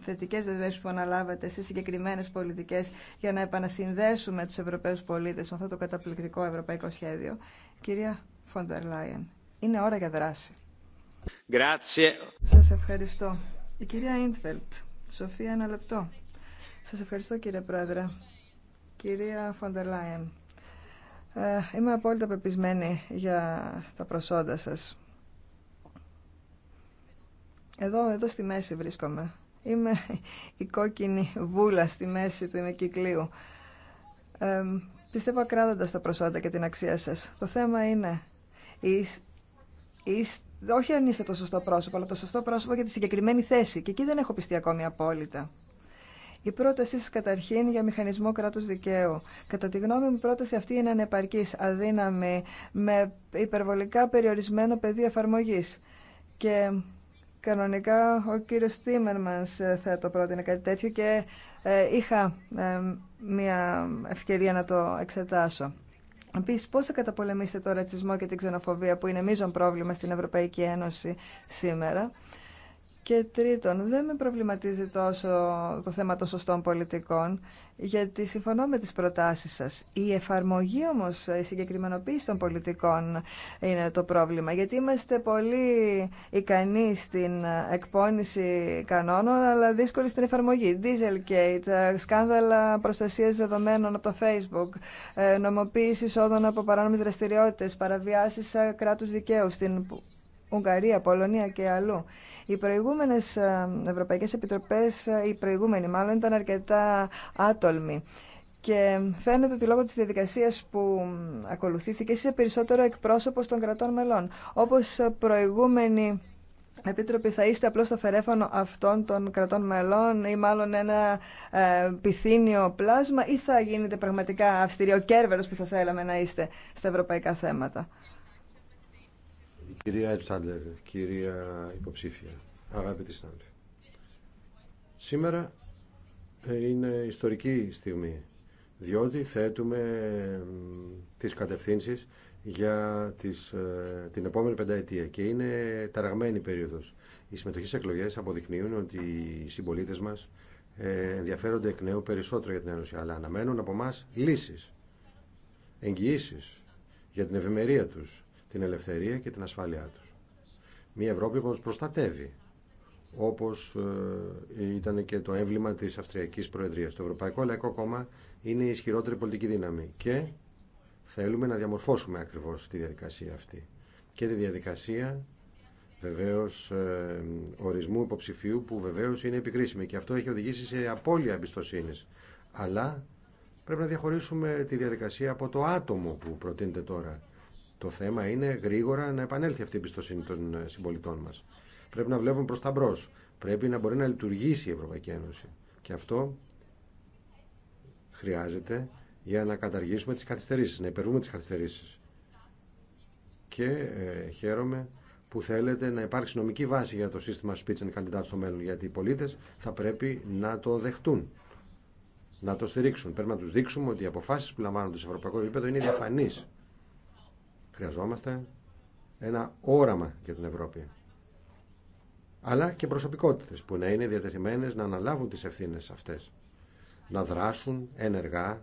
θετικέ δεσμεύσει που αναλάβατε σε συγκεκριμένε πολιτικέ για να επανασυνδέσουμε του ευρωπαίου πολίτε με αυτό το καταπληκτικό Ευρωπαϊκό ευρωπαϊκό σχέδιο. Κυρία Φοντερ είναι ώρα για δράση. Σας ευχαριστώ. Η κυρία Ιντφελτ, Σοφία, ένα λεπτό. Σας ευχαριστώ κύριε Πρόεδρε. Κυρία Φοντερ Λάιεν, ε, είμαι απόλυτα πεπισμένη για τα προσόντα σας. Εδώ, εδώ στη μέση βρίσκομαι. Είμαι η κόκκινη βούλα στη μέση του ημικυκλίου πιστεύω ακράδαντα τα προσόντα και την αξία σας. Το θέμα είναι, όχι αν είστε το σωστό πρόσωπο, αλλά το σωστό πρόσωπο για τη συγκεκριμένη θέση. Και εκεί δεν έχω πιστεί ακόμη απόλυτα. Η πρότασή σα καταρχήν για μηχανισμό κράτου δικαίου. Κατά τη γνώμη μου, η πρόταση αυτή είναι ανεπαρκή, αδύναμη, με υπερβολικά περιορισμένο πεδίο εφαρμογή. Και Κανονικά ο κύριος μας ε, θα το πρότεινε κάτι τέτοιο και ε, είχα ε, μια ευκαιρία να το εξετάσω. Επίση, πώ θα καταπολεμήσετε το ρατσισμό και την ξενοφοβία που είναι μείζον πρόβλημα στην Ευρωπαϊκή Ένωση σήμερα. Και τρίτον, δεν με προβληματίζει τόσο το θέμα των σωστών πολιτικών, γιατί συμφωνώ με τις προτάσεις σας. Η εφαρμογή όμως, η συγκεκριμενοποίηση των πολιτικών είναι το πρόβλημα, γιατί είμαστε πολύ ικανοί στην εκπόνηση κανόνων, αλλά δύσκολοι στην εφαρμογή. Dieselgate, ε, σκάνδαλα προστασίας δεδομένων από το Facebook, ε, νομοποίηση όδων από παράνομες δραστηριότητες, παραβιάσεις ε, κράτους δικαίου στην Ουγγαρία, Πολωνία και αλλού. Οι προηγούμενες ε, Ευρωπαϊκές Επιτροπές, ε, οι προηγούμενοι μάλλον, ήταν αρκετά άτολμοι. Και φαίνεται ότι λόγω της διαδικασία που ακολουθήθηκε είσαι περισσότερο εκπρόσωπος των κρατών μελών. Όπως ε, προηγούμενοι Επίτροποι, θα είστε απλώς το φερέφωνο αυτών των κρατών μελών ή μάλλον ένα ε, πυθύνιο πλάσμα ή θα γίνετε πραγματικά αυστηρίο που θα θέλαμε να είστε στα ευρωπαϊκά θέματα. Κυρία Τσάντερ, κυρία υποψήφια, αγαπητοί συνάδελφοι. Σήμερα ε, είναι ιστορική στιγμή, διότι θέτουμε τις κατευθύνσεις για τις, ε, την επόμενη πενταετία και είναι ταραγμένη περίοδος. Οι συμμετοχή σε εκλογές αποδεικνύουν ότι οι συμπολίτες μας ε, ενδιαφέρονται εκ νέου περισσότερο για την Ένωση, αλλά αναμένουν από εμά λύσεις, εγγυήσεις για την ευημερία τους, την ελευθερία και την ασφάλειά τους. Μια Ευρώπη που τους προστατεύει, όπως ε, ήταν και το έμβλημα της Αυστριακής Προεδρίας. Το Ευρωπαϊκό Λαϊκό Κόμμα είναι η ισχυρότερη πολιτική δύναμη και θέλουμε να διαμορφώσουμε ακριβώς τη διαδικασία αυτή. Και τη διαδικασία βεβαίως ε, ορισμού υποψηφίου που βεβαίως είναι επικρίσιμη και αυτό έχει οδηγήσει σε απώλεια εμπιστοσύνη. Αλλά πρέπει να διαχωρίσουμε τη διαδικασία από το άτομο που προτείνεται τώρα. Το θέμα είναι γρήγορα να επανέλθει αυτή η εμπιστοσύνη των ε, συμπολιτών μα. Πρέπει να βλέπουμε προ τα μπρό. Πρέπει να μπορεί να λειτουργήσει η Ευρωπαϊκή Ένωση. Και αυτό χρειάζεται για να καταργήσουμε τι καθυστερήσει, να υπερβούμε τι καθυστερήσει. Και ε, χαίρομαι που θέλετε να υπάρξει νομική βάση για το σύστημα speech and candidate στο μέλλον, γιατί οι πολίτε θα πρέπει να το δεχτούν, να το στηρίξουν. Πρέπει να του δείξουμε ότι οι αποφάσει που λαμβάνονται σε ευρωπαϊκό επίπεδο είναι διαφανεί. Χρειαζόμαστε ένα όραμα για την Ευρώπη. Αλλά και προσωπικότητε, που να είναι διατεθειμένες να αναλάβουν τις ευθύνες αυτές. Να δράσουν ενεργά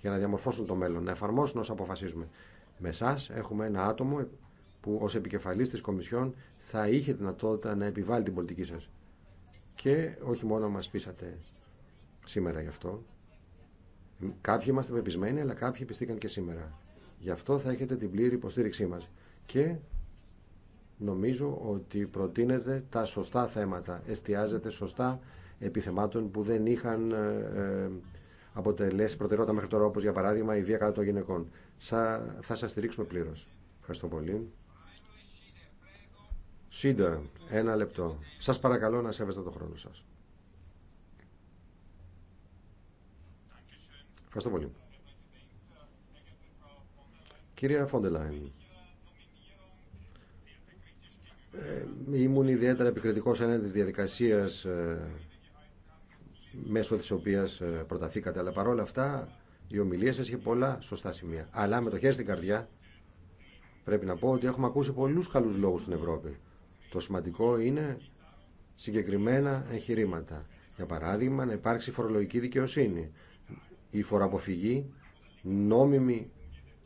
για να διαμορφώσουν το μέλλον, να εφαρμόσουν όσα αποφασίζουμε. Με εσά έχουμε ένα άτομο που ως επικεφαλής της Κομισιόν θα είχε δυνατότητα να επιβάλλει την πολιτική σα. Και όχι μόνο μα πείσατε σήμερα γι' αυτό. Κάποιοι είμαστε πεπισμένοι, αλλά κάποιοι πιστήκαν και σήμερα. Γι' αυτό θα έχετε την πλήρη υποστήριξή μας. Και νομίζω ότι προτείνετε τα σωστά θέματα, εστιάζετε σωστά επιθεμάτων που δεν είχαν ε, ε, αποτελέσει προτεραιότητα μέχρι τώρα, όπως για παράδειγμα η βία κατά των γυναικών. Θα σας στηρίξουμε πλήρως. Ευχαριστώ πολύ. Σίντερ, ένα λεπτό. Σας παρακαλώ να σέβεστε το χρόνο σας. Ευχαριστώ πολύ. Κυρία Φόντελάιν, ε, ήμουν ιδιαίτερα επικριτικός έναντι της διαδικασίας ε, μέσω της οποίας ε, προταθήκατε, αλλά παρόλα αυτά η ομιλία σας είχε πολλά σωστά σημεία. Αλλά με το χέρι στην καρδιά πρέπει να πω ότι έχουμε ακούσει πολλούς καλούς λόγους στην Ευρώπη. Το σημαντικό είναι συγκεκριμένα εγχειρήματα. Για παράδειγμα, να υπάρξει φορολογική δικαιοσύνη, η φοροαποφυγή, νόμιμη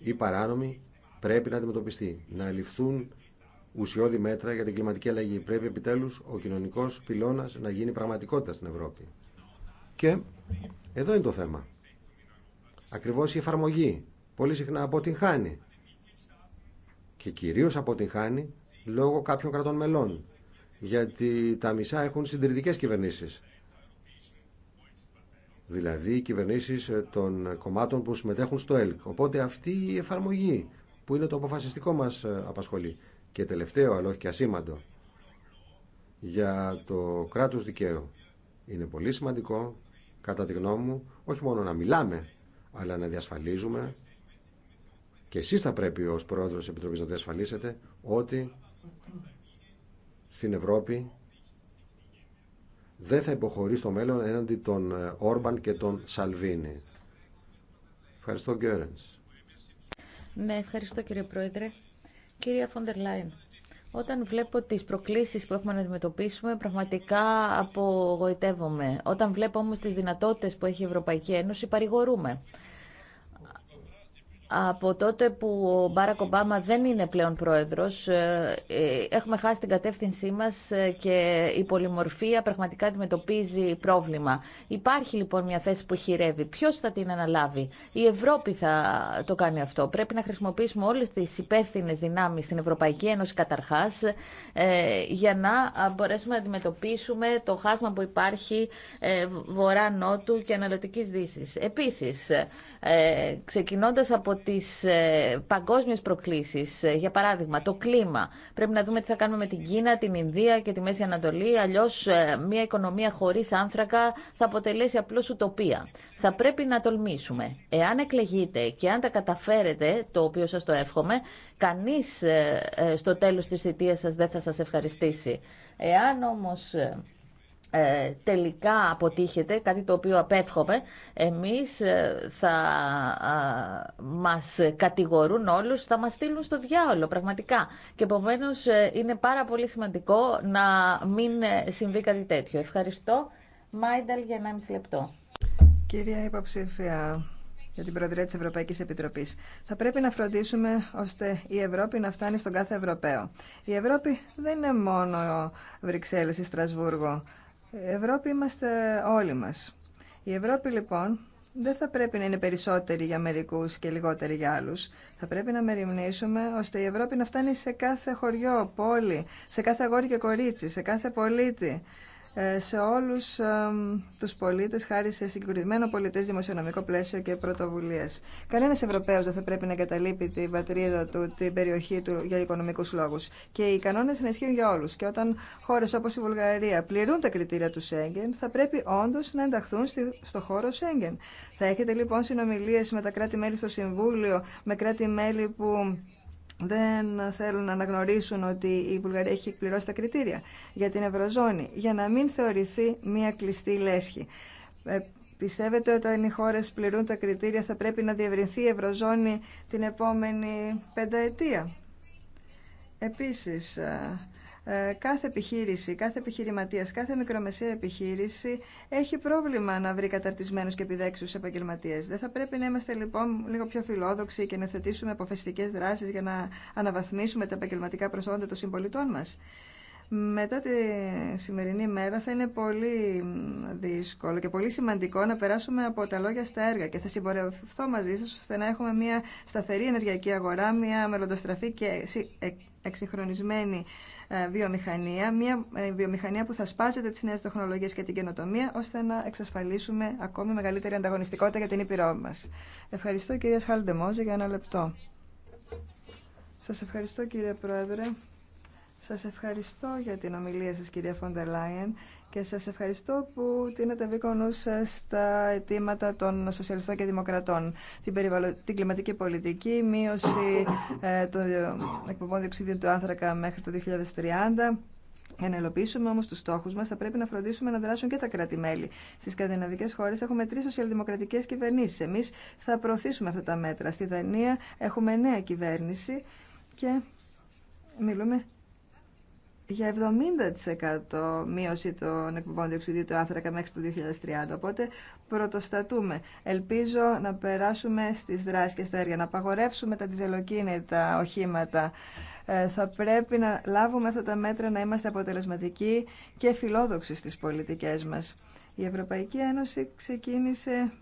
ή παράνομη πρέπει να αντιμετωπιστεί. Να ληφθούν ουσιώδη μέτρα για την κλιματική αλλαγή. Πρέπει επιτέλου ο κοινωνικό πυλώνα να γίνει πραγματικότητα στην Ευρώπη. Και εδώ είναι το θέμα. Ακριβώ η εφαρμογή πολύ συχνά αποτυγχάνει. Και κυρίω αποτυγχάνει λόγω κάποιων κρατών μελών. Γιατί τα μισά έχουν συντηρητικέ κυβερνήσει δηλαδή οι κυβερνήσει ε, των κομμάτων που συμμετέχουν στο ΕΛΚ. Οπότε αυτή η εφαρμογή που είναι το αποφασιστικό μας ε, απασχολεί. Και τελευταίο, αλλά όχι και ασήμαντο, για το κράτος δικαίου. Είναι πολύ σημαντικό, κατά τη γνώμη μου, όχι μόνο να μιλάμε, αλλά να διασφαλίζουμε και εσείς θα πρέπει ως πρόεδρο τη Επιτροπή να διασφαλίσετε ότι στην Ευρώπη δεν θα υποχωρεί στο μέλλον έναντι των ε, Όρμπαν και των Σαλβίνη. Ευχαριστώ, Γκέρενς. Ναι, ευχαριστώ κύριε Πρόεδρε. Κυρία Φόντερ Λάιν, όταν βλέπω τις προκλήσεις που έχουμε να αντιμετωπίσουμε, πραγματικά απογοητεύομαι. Όταν βλέπω όμως τις δυνατότητες που έχει η Ευρωπαϊκή Ένωση, παρηγορούμε από τότε που ο Μπάρακ Ομπάμα δεν είναι πλέον πρόεδρος ε, ε, έχουμε χάσει την κατεύθυνσή μας ε, και η πολυμορφία πραγματικά αντιμετωπίζει πρόβλημα. Υπάρχει λοιπόν μια θέση που χειρεύει. Ποιος θα την αναλάβει. Η Ευρώπη θα το κάνει αυτό. Πρέπει να χρησιμοποιήσουμε όλες τις υπεύθυνε δυνάμεις στην Ευρωπαϊκή Ένωση καταρχάς για να μπορέσουμε να αντιμετωπίσουμε το χάσμα που υπάρχει βορρά-νότου και αναλωτικής δύσης. Επίσης, ξεκινώντας από τις ε, παγκόσμιες προκλήσεις, ε, για παράδειγμα το κλίμα. Πρέπει να δούμε τι θα κάνουμε με την Κίνα, την Ινδία και τη Μέση Ανατολή, αλλιώς ε, μια οικονομία χωρίς άνθρακα θα αποτελέσει απλώς ουτοπία. Θα πρέπει να τολμήσουμε. Εάν εκλεγείτε και αν τα καταφέρετε, το οποίο σας το εύχομαι, κανείς στο τέλος της θητείας σας δεν θα σας ευχαριστήσει. Εάν όμως ε, τελικά αποτύχεται, κάτι το οποίο απέφχομαι, εμείς ε, θα μας κατηγορούν όλους, θα μας στείλουν στο διάολο πραγματικά. Και επομένω ε, είναι πάρα πολύ σημαντικό να μην συμβεί κάτι τέτοιο. Ευχαριστώ. Μάινταλ για 1,5 λεπτό. Κυρία υποψήφια για την Προεδρία της Ευρωπαϊκής Επιτροπής. Θα πρέπει να φροντίσουμε ώστε η Ευρώπη να φτάνει στον κάθε Ευρωπαίο. Η Ευρώπη δεν είναι μόνο Βρυξέλλες ή Στρασβούργο. Ευρώπη είμαστε όλοι μας. Η Ευρώπη λοιπόν δεν θα πρέπει να είναι περισσότερη για μερικούς και λιγότερη για άλλους. Θα πρέπει να μεριμνήσουμε ώστε η Ευρώπη να φτάνει σε κάθε χωριό, πόλη, σε κάθε αγόρι και κορίτσι, σε κάθε πολίτη, ε, σε όλους τους πολίτες χάρη σε συγκροτημένο πολιτές δημοσιονομικό πλαίσιο και πρωτοβουλίες. Κανένας Ευρωπαίος δεν θα πρέπει να εγκαταλείπει την πατρίδα του, την περιοχή του για οικονομικούς λόγους. Και οι κανόνες να ισχύουν για όλους. Και όταν χώρες όπως η Βουλγαρία πληρούν τα κριτήρια του Σέγγεν, θα πρέπει όντως να ενταχθούν στο χώρο Σέγγεν. Θα έχετε λοιπόν συνομιλίες με τα κράτη-μέλη στο Συμβούλιο, με κράτη-μέλη που δεν θέλουν να αναγνωρίσουν ότι η Βουλγαρία έχει πληρώσει τα κριτήρια για την Ευρωζώνη, για να μην θεωρηθεί μια κλειστή λέσχη. Ε, πιστεύετε ότι όταν οι χώρες πληρούν τα κριτήρια θα πρέπει να διευρυνθεί η Ευρωζώνη την επόμενη πενταετία. Επίσης, ε, ε, κάθε επιχείρηση, κάθε επιχειρηματίας, κάθε μικρομεσαία επιχείρηση έχει πρόβλημα να βρει καταρτισμένους και επιδέξιους επαγγελματίες. Δεν θα πρέπει να είμαστε λοιπόν λίγο πιο φιλόδοξοι και να θετήσουμε αποφασιστικές δράσεις για να αναβαθμίσουμε τα επαγγελματικά προσόντα των συμπολιτών μας. Μετά τη σημερινή μέρα θα είναι πολύ δύσκολο και πολύ σημαντικό να περάσουμε από τα λόγια στα έργα και θα συμπορευθώ μαζί σας ώστε να έχουμε μια σταθερή ενεργειακή αγορά, μια μελλοντοστραφή και ε, εξυγχρονισμένη ε, βιομηχανία, μια ε, βιομηχανία που θα σπάζεται τις νέες τεχνολογίες και την καινοτομία, ώστε να εξασφαλίσουμε ακόμη μεγαλύτερη ανταγωνιστικότητα για την ήπειρό μας. Ευχαριστώ κυρία Σχάλντε για ένα λεπτό. Σας ευχαριστώ κύριε Πρόεδρε. Σας ευχαριστώ για την ομιλία σας κυρία Φόντερ Λάιεν και σας ευχαριστώ που τίνατε βίκονου στα αιτήματα των σοσιαλιστών και δημοκρατών. Την, περιβαλλον... την κλιματική πολιτική, μείωση ε, των εκπομπών διοξίδιων του άνθρακα μέχρι το 2030. Για να ελοπίσουμε όμω του στόχου μα, θα πρέπει να φροντίσουμε να δράσουν και τα κράτη-μέλη. Στι σκανδιναβικέ χώρε έχουμε τρει σοσιαλδημοκρατικέ κυβερνήσει. Εμεί θα προωθήσουμε αυτά τα μέτρα. Στη Δανία έχουμε νέα κυβέρνηση και μιλούμε για 70% μείωση των εκπομπών διοξιδίου του άνθρακα μέχρι το 2030. Οπότε πρωτοστατούμε. Ελπίζω να περάσουμε στις δράσεις και στα έργα, να απαγορεύσουμε τα διζελοκίνητα οχήματα. Ε, θα πρέπει να λάβουμε αυτά τα μέτρα να είμαστε αποτελεσματικοί και φιλόδοξοι στις πολιτικές μας. Η Ευρωπαϊκή Ένωση ξεκίνησε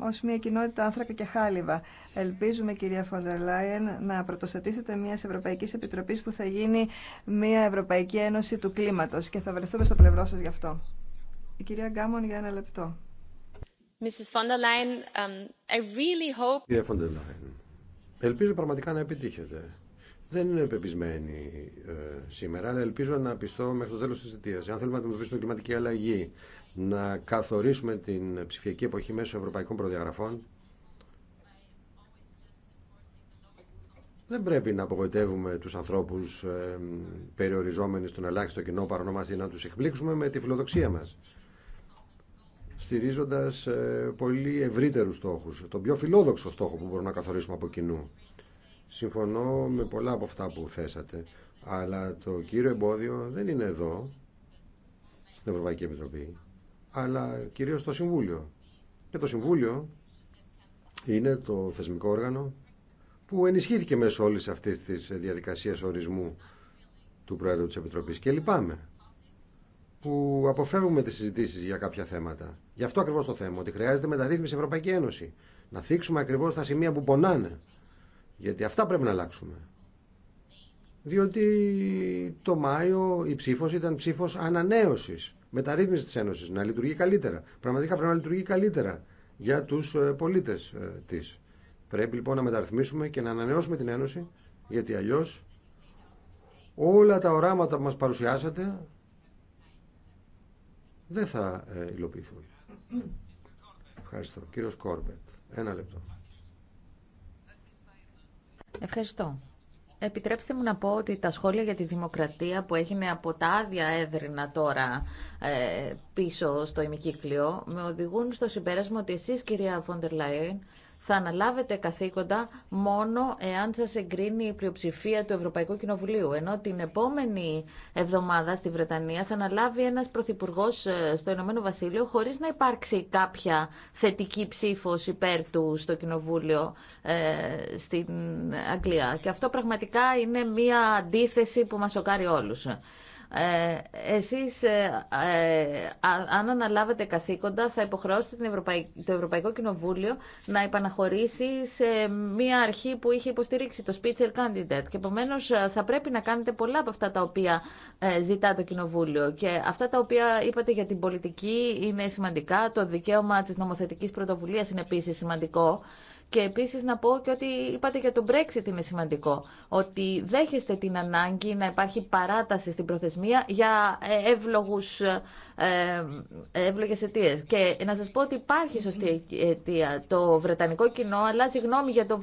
ω μια κοινότητα άνθρακα και χάλιβα. Ελπίζουμε, κυρία Φοντερ Λάιεν, να πρωτοστατήσετε μια Ευρωπαϊκή Επιτροπή που θα γίνει μια Ευρωπαϊκή Ένωση του κλίματο και θα βρεθούμε στο πλευρό σα γι' αυτό. Η κυρία Γκάμον για ένα λεπτό. Um, κυρία Φοντερ Λάιεν, ελπίζω πραγματικά να επιτύχετε. Δεν είναι πεπισμένη ε, σήμερα, αλλά ελπίζω να πιστώ μέχρι το τέλο τη θητεία. Αν θέλουμε να αντιμετωπίσουμε την κλιματική αλλαγή, να καθορίσουμε την ψηφιακή εποχή μέσω ευρωπαϊκών προδιαγραφών. Δεν πρέπει να απογοητεύουμε τους ανθρώπους ε, περιοριζόμενοι στον ελάχιστο κοινό παρονομαστή να τους εκπλήξουμε με τη φιλοδοξία μας στηρίζοντας ε, πολύ ευρύτερους στόχους, τον πιο φιλόδοξο στόχο που μπορούμε να καθορίσουμε από κοινού. Συμφωνώ με πολλά από αυτά που θέσατε, αλλά το κύριο εμπόδιο δεν είναι εδώ, στην Ευρωπαϊκή Επιτροπή αλλά κυρίως το Συμβούλιο. Και το Συμβούλιο είναι το θεσμικό όργανο που ενισχύθηκε μέσω όλης αυτής της διαδικασίας ορισμού του Πρόεδρου της Επιτροπής και λυπάμαι που αποφεύγουμε τις συζητήσεις για κάποια θέματα. Γι' αυτό ακριβώς το θέμα, ότι χρειάζεται μεταρρύθμιση Ευρωπαϊκή Ένωση. Να θίξουμε ακριβώς τα σημεία που πονάνε. Γιατί αυτά πρέπει να αλλάξουμε. Διότι το Μάιο η ψήφος ήταν ψήφος ανανέωσης μεταρρύθμιση τη Ένωση, να λειτουργεί καλύτερα. Πραγματικά πρέπει να λειτουργεί καλύτερα για τους ε, πολίτες ε, της. Πρέπει λοιπόν να μεταρρυθμίσουμε και να ανανεώσουμε την Ένωση, γιατί αλλιώς όλα τα οράματα που μας παρουσιάσατε δεν θα ε, υλοποιηθούν. Ευχαριστώ. Κύριος Κόρμπετ. Ένα λεπτό. Ευχαριστώ. Επιτρέψτε μου να πω ότι τα σχόλια για τη δημοκρατία που έγινε από τα άδεια έδρυνα τώρα ε, πίσω στο ημικύκλιο με οδηγούν στο συμπέρασμα ότι εσείς κυρία Φόντερ θα αναλάβετε καθήκοντα μόνο εάν σας εγκρίνει η πλειοψηφία του Ευρωπαϊκού Κοινοβουλίου. Ενώ την επόμενη εβδομάδα στη Βρετανία θα αναλάβει ένας Πρωθυπουργό ε, στο Ηνωμένο Βασίλειο χωρίς να υπάρξει κάποια θετική ψήφος υπέρ του στο Κοινοβούλιο ε, στην Αγγλία. Και αυτό πραγματικά είναι μία αντίθεση που μας σοκάρει όλους ε, εσείς ε, ε, αν αναλάβετε καθήκοντα θα υποχρεώσετε την το Ευρωπαϊκό Κοινοβούλιο να επαναχωρήσει σε μια αρχή που είχε υποστηρίξει το Spitzer Candidate και επομένω ε, θα πρέπει να κάνετε πολλά από αυτά τα οποία ζητά το Κοινοβούλιο και αυτά τα οποία είπατε για την πολιτική είναι σημαντικά, το δικαίωμα της νομοθετικής πρωτοβουλίας είναι επίσης σημαντικό και επίσης να πω και ότι είπατε για τον Brexit είναι σημαντικό. Ότι δέχεστε την ανάγκη να υπάρχει παράταση στην προθεσμία για ε, εύλογου. Ε, εύλογε αιτίε. Και να σα πω ότι υπάρχει σωστή αιτία. Το βρετανικό κοινό αλλάζει γνώμη για το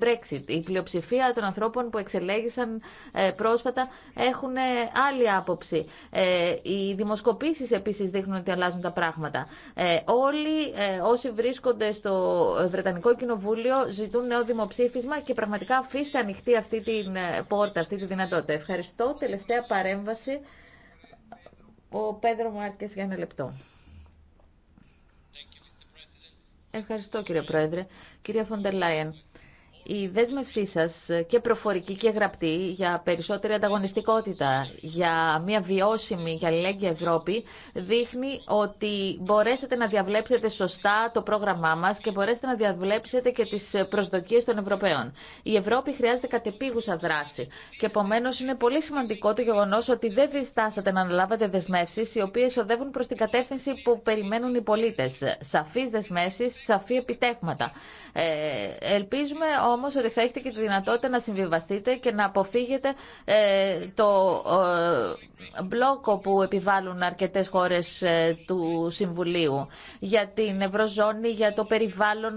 Brexit. Η πλειοψηφία των ανθρώπων που εξελέγησαν ε, πρόσφατα έχουν ε, άλλη άποψη. Οι δημοσκοπήσεις επίση δείχνουν ότι αλλάζουν τα πράγματα. Όλοι όσοι βρίσκονται στο Βρετανικό Κοινοβούλιο ζητούν νέο δημοψήφισμα και πραγματικά αφήστε ανοιχτή αυτή την πόρτα, αυτή τη δυνατότητα. Ευχαριστώ. Τελευταία παρέμβαση. Ο Πέδρο Μάρκες για ένα λεπτό. Ευχαριστώ κύριε Πρόεδρε. Κυρία Φοντερ η δέσμευσή σας ε, και προφορική και γραπτή για περισσότερη ανταγωνιστικότητα, για μια βιώσιμη και αλληλέγγυα Ευρώπη, δείχνει ότι μπορέσετε να διαβλέψετε σωστά το πρόγραμμά μας και μπορέσετε να διαβλέψετε και τις προσδοκίες των Ευρωπαίων. Η Ευρώπη χρειάζεται κατεπίγουσα δράση και επομένως είναι πολύ σημαντικό το γεγονός ότι δεν διστάσατε να αναλάβετε δεσμεύσει, οι οποίες οδεύουν προς την κατεύθυνση που περιμένουν οι πολίτες. Σαφείς δεσμεύσεις, σαφή επιτεύγματα. Ε, ελπίζουμε όμω ότι θα έχετε και τη δυνατότητα να συμβιβαστείτε και να αποφύγετε ε, το ε, μπλόκο που επιβάλλουν αρκετές χώρες ε, του Συμβουλίου. Για την Ευρωζώνη, για το περιβάλλον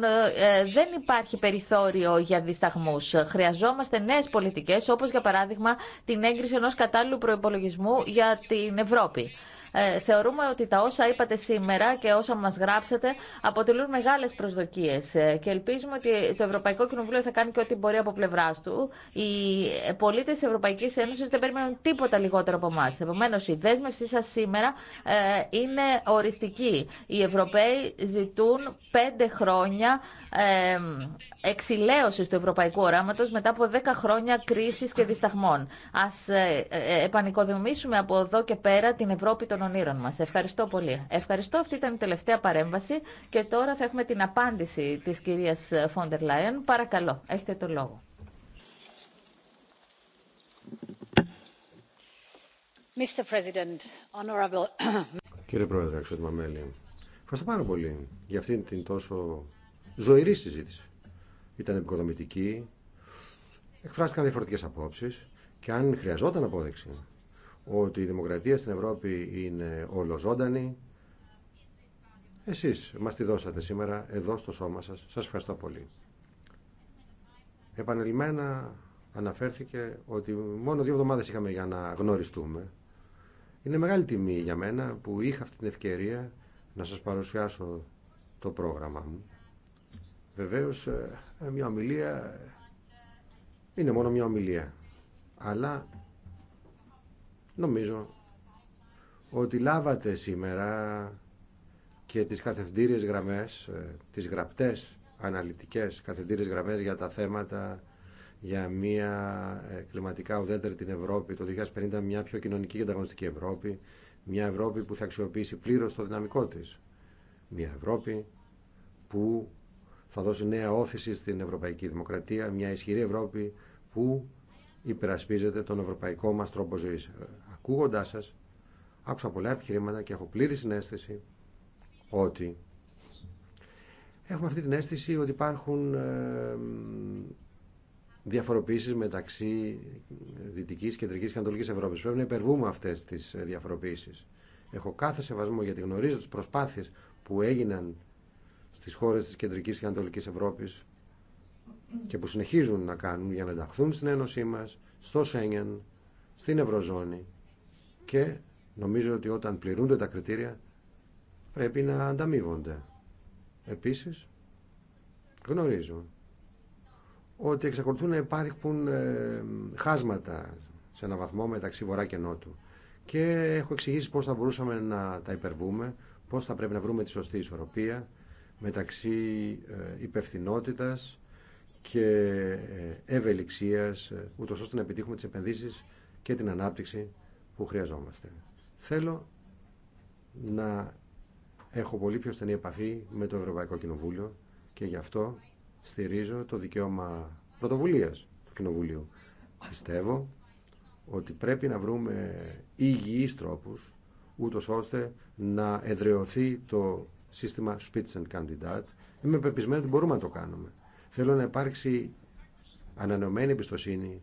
δεν υπάρχει περιθώριο για δισταγμού. Χρειαζόμαστε νέες πολιτικές όπως για παράδειγμα την έγκριση ενό κατάλληλου προπολογισμού για την Ευρώπη. Ε, θεωρούμε ότι τα όσα είπατε σήμερα και όσα μας γράψατε αποτελούν μεγάλες προσδοκίες ε, και ελπίζουμε ότι το Ευρωπαϊκό Κοινοβούλιο θα κάνει και ό,τι μπορεί από πλευρά του. Οι πολίτε τη Ευρωπαϊκή Ένωση δεν περιμένουν τίποτα λιγότερο από εμά. Επομένω, η δέσμευσή σα σήμερα ε, είναι οριστική. Οι Ευρωπαίοι ζητούν πέντε χρόνια ε, εξηλαίωσης του ευρωπαϊκού οράματος μετά από 10 χρόνια κρίσης και δισταγμών. Ας ε, ε, επανικοδομήσουμε από εδώ και πέρα την Ευρώπη των ονείρων μας. Ευχαριστώ πολύ. Ευχαριστώ. Αυτή ήταν η τελευταία παρέμβαση και τώρα θα έχουμε την απάντηση της κυρίας Φόντερ Λάιεν. Παρακαλώ, έχετε το λόγο. Mr. President, Κύριε Πρόεδρε, αξιότιμα μέλη, ευχαριστώ πάρα πολύ για αυτήν την τόσο ζωηρή συζήτηση ήταν επικοδομητική, εκφράστηκαν διαφορετικές απόψει και αν χρειαζόταν απόδειξη ότι η δημοκρατία στην Ευρώπη είναι ολοζώντανη, εσείς μας τη δώσατε σήμερα εδώ στο σώμα σας. Σας ευχαριστώ πολύ. Επανελειμμένα αναφέρθηκε ότι μόνο δύο εβδομάδες είχαμε για να γνωριστούμε. Είναι μεγάλη τιμή για μένα που είχα αυτή την ευκαιρία να σας παρουσιάσω το πρόγραμμα μου. Βεβαίως ε, ε, μια ομιλία είναι μόνο μια ομιλία. Αλλά νομίζω ότι λάβατε σήμερα και τις καθευτήριες γραμμές, ε, τις γραπτές αναλυτικές καθευτήριες γραμμές για τα θέματα για μια κλιματικά ουδέτερη την Ευρώπη το 2050, μια πιο κοινωνική και ανταγωνιστική Ευρώπη, μια Ευρώπη που θα αξιοποιήσει πλήρως το δυναμικό της, μια Ευρώπη που θα δώσει νέα όθηση στην ευρωπαϊκή δημοκρατία, μια ισχυρή Ευρώπη που υπερασπίζεται τον ευρωπαϊκό μας τρόπο ζωή. Ακούγοντα σας, άκουσα πολλά επιχειρήματα και έχω πλήρη συνέστηση ότι έχουμε αυτή την αίσθηση ότι υπάρχουν ε, διαφοροποίησεις μεταξύ Δυτικής, Κεντρικής και Ανατολικής Ευρώπης. Πρέπει να υπερβούμε αυτές τις ε, διαφοροποίησεις. Έχω κάθε σεβασμό γιατί γνωρίζω τις προσπάθειες που έγιναν στις χώρες της Κεντρικής και Ανατολικής Ευρώπης και που συνεχίζουν να κάνουν για να ενταχθούν στην Ένωσή μας, στο Σέγγεν, στην Ευρωζώνη και νομίζω ότι όταν πληρούνται τα κριτήρια πρέπει να ανταμείβονται. Επίσης, γνωρίζουν ότι εξακολουθούν να υπάρχουν ε, χάσματα σε έναν βαθμό μεταξύ βορρά και νότου και έχω εξηγήσει πώς θα μπορούσαμε να τα υπερβούμε, πώς θα πρέπει να βρούμε τη σωστή ισορροπία μεταξύ ε, υπευθυνότητας και ε, ευελιξίας, ε, ούτως ώστε να επιτύχουμε τις επενδύσεις και την ανάπτυξη που χρειαζόμαστε. Θέλω να έχω πολύ πιο στενή επαφή με το Ευρωπαϊκό Κοινοβούλιο και γι' αυτό στηρίζω το δικαίωμα πρωτοβουλίας του Κοινοβουλίου. Πιστεύω ότι πρέπει να βρούμε υγιείς τρόπους ούτως ώστε να εδραιωθεί το σύστημα Spitzenkandidat. Είμαι πεπισμένο ότι μπορούμε να το κάνουμε. Θέλω να υπάρξει ανανεωμένη εμπιστοσύνη,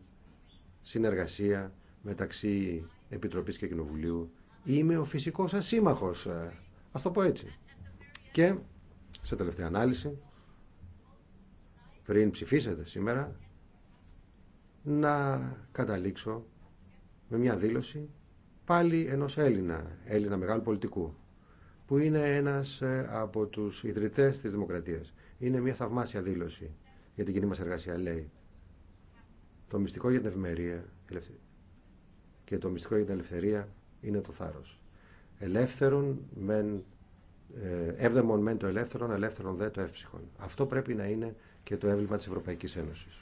συνεργασία μεταξύ Επιτροπής και Κοινοβουλίου. Είμαι ο φυσικός ασύμμαχος σύμμαχος, ε, ας το πω έτσι. Και, σε τελευταία ανάλυση, πριν ψηφίσετε σήμερα, να καταλήξω με μια δήλωση πάλι ενός Έλληνα, Έλληνα μεγάλου πολιτικού που είναι ένας ε, από τους ιδρυτές της δημοκρατίας. Είναι μια θαυμάσια δήλωση για την κοινή μας εργασία. Λέει το μυστικό για την ευημερία και το μυστικό για την ελευθερία είναι το θάρρος. Ελεύθερον μεν, εύδεμον μεν το ελεύθερον, ελεύθερον δε το εύψυχον. Αυτό πρέπει να είναι και το έβλημα της Ευρωπαϊκής Ένωσης.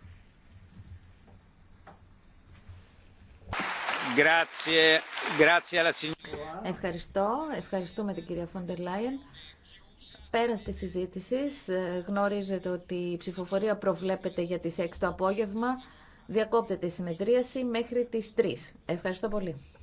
Ευχαριστώ. Ευχαριστούμε την κυρία Φόντερ Λάιεν. Πέρα τη συζήτηση, ε, γνωρίζετε ότι η ψηφοφορία προβλέπεται για τις 6 το απόγευμα. Διακόπτεται η συνεδρίαση μέχρι τις 3. Ευχαριστώ πολύ.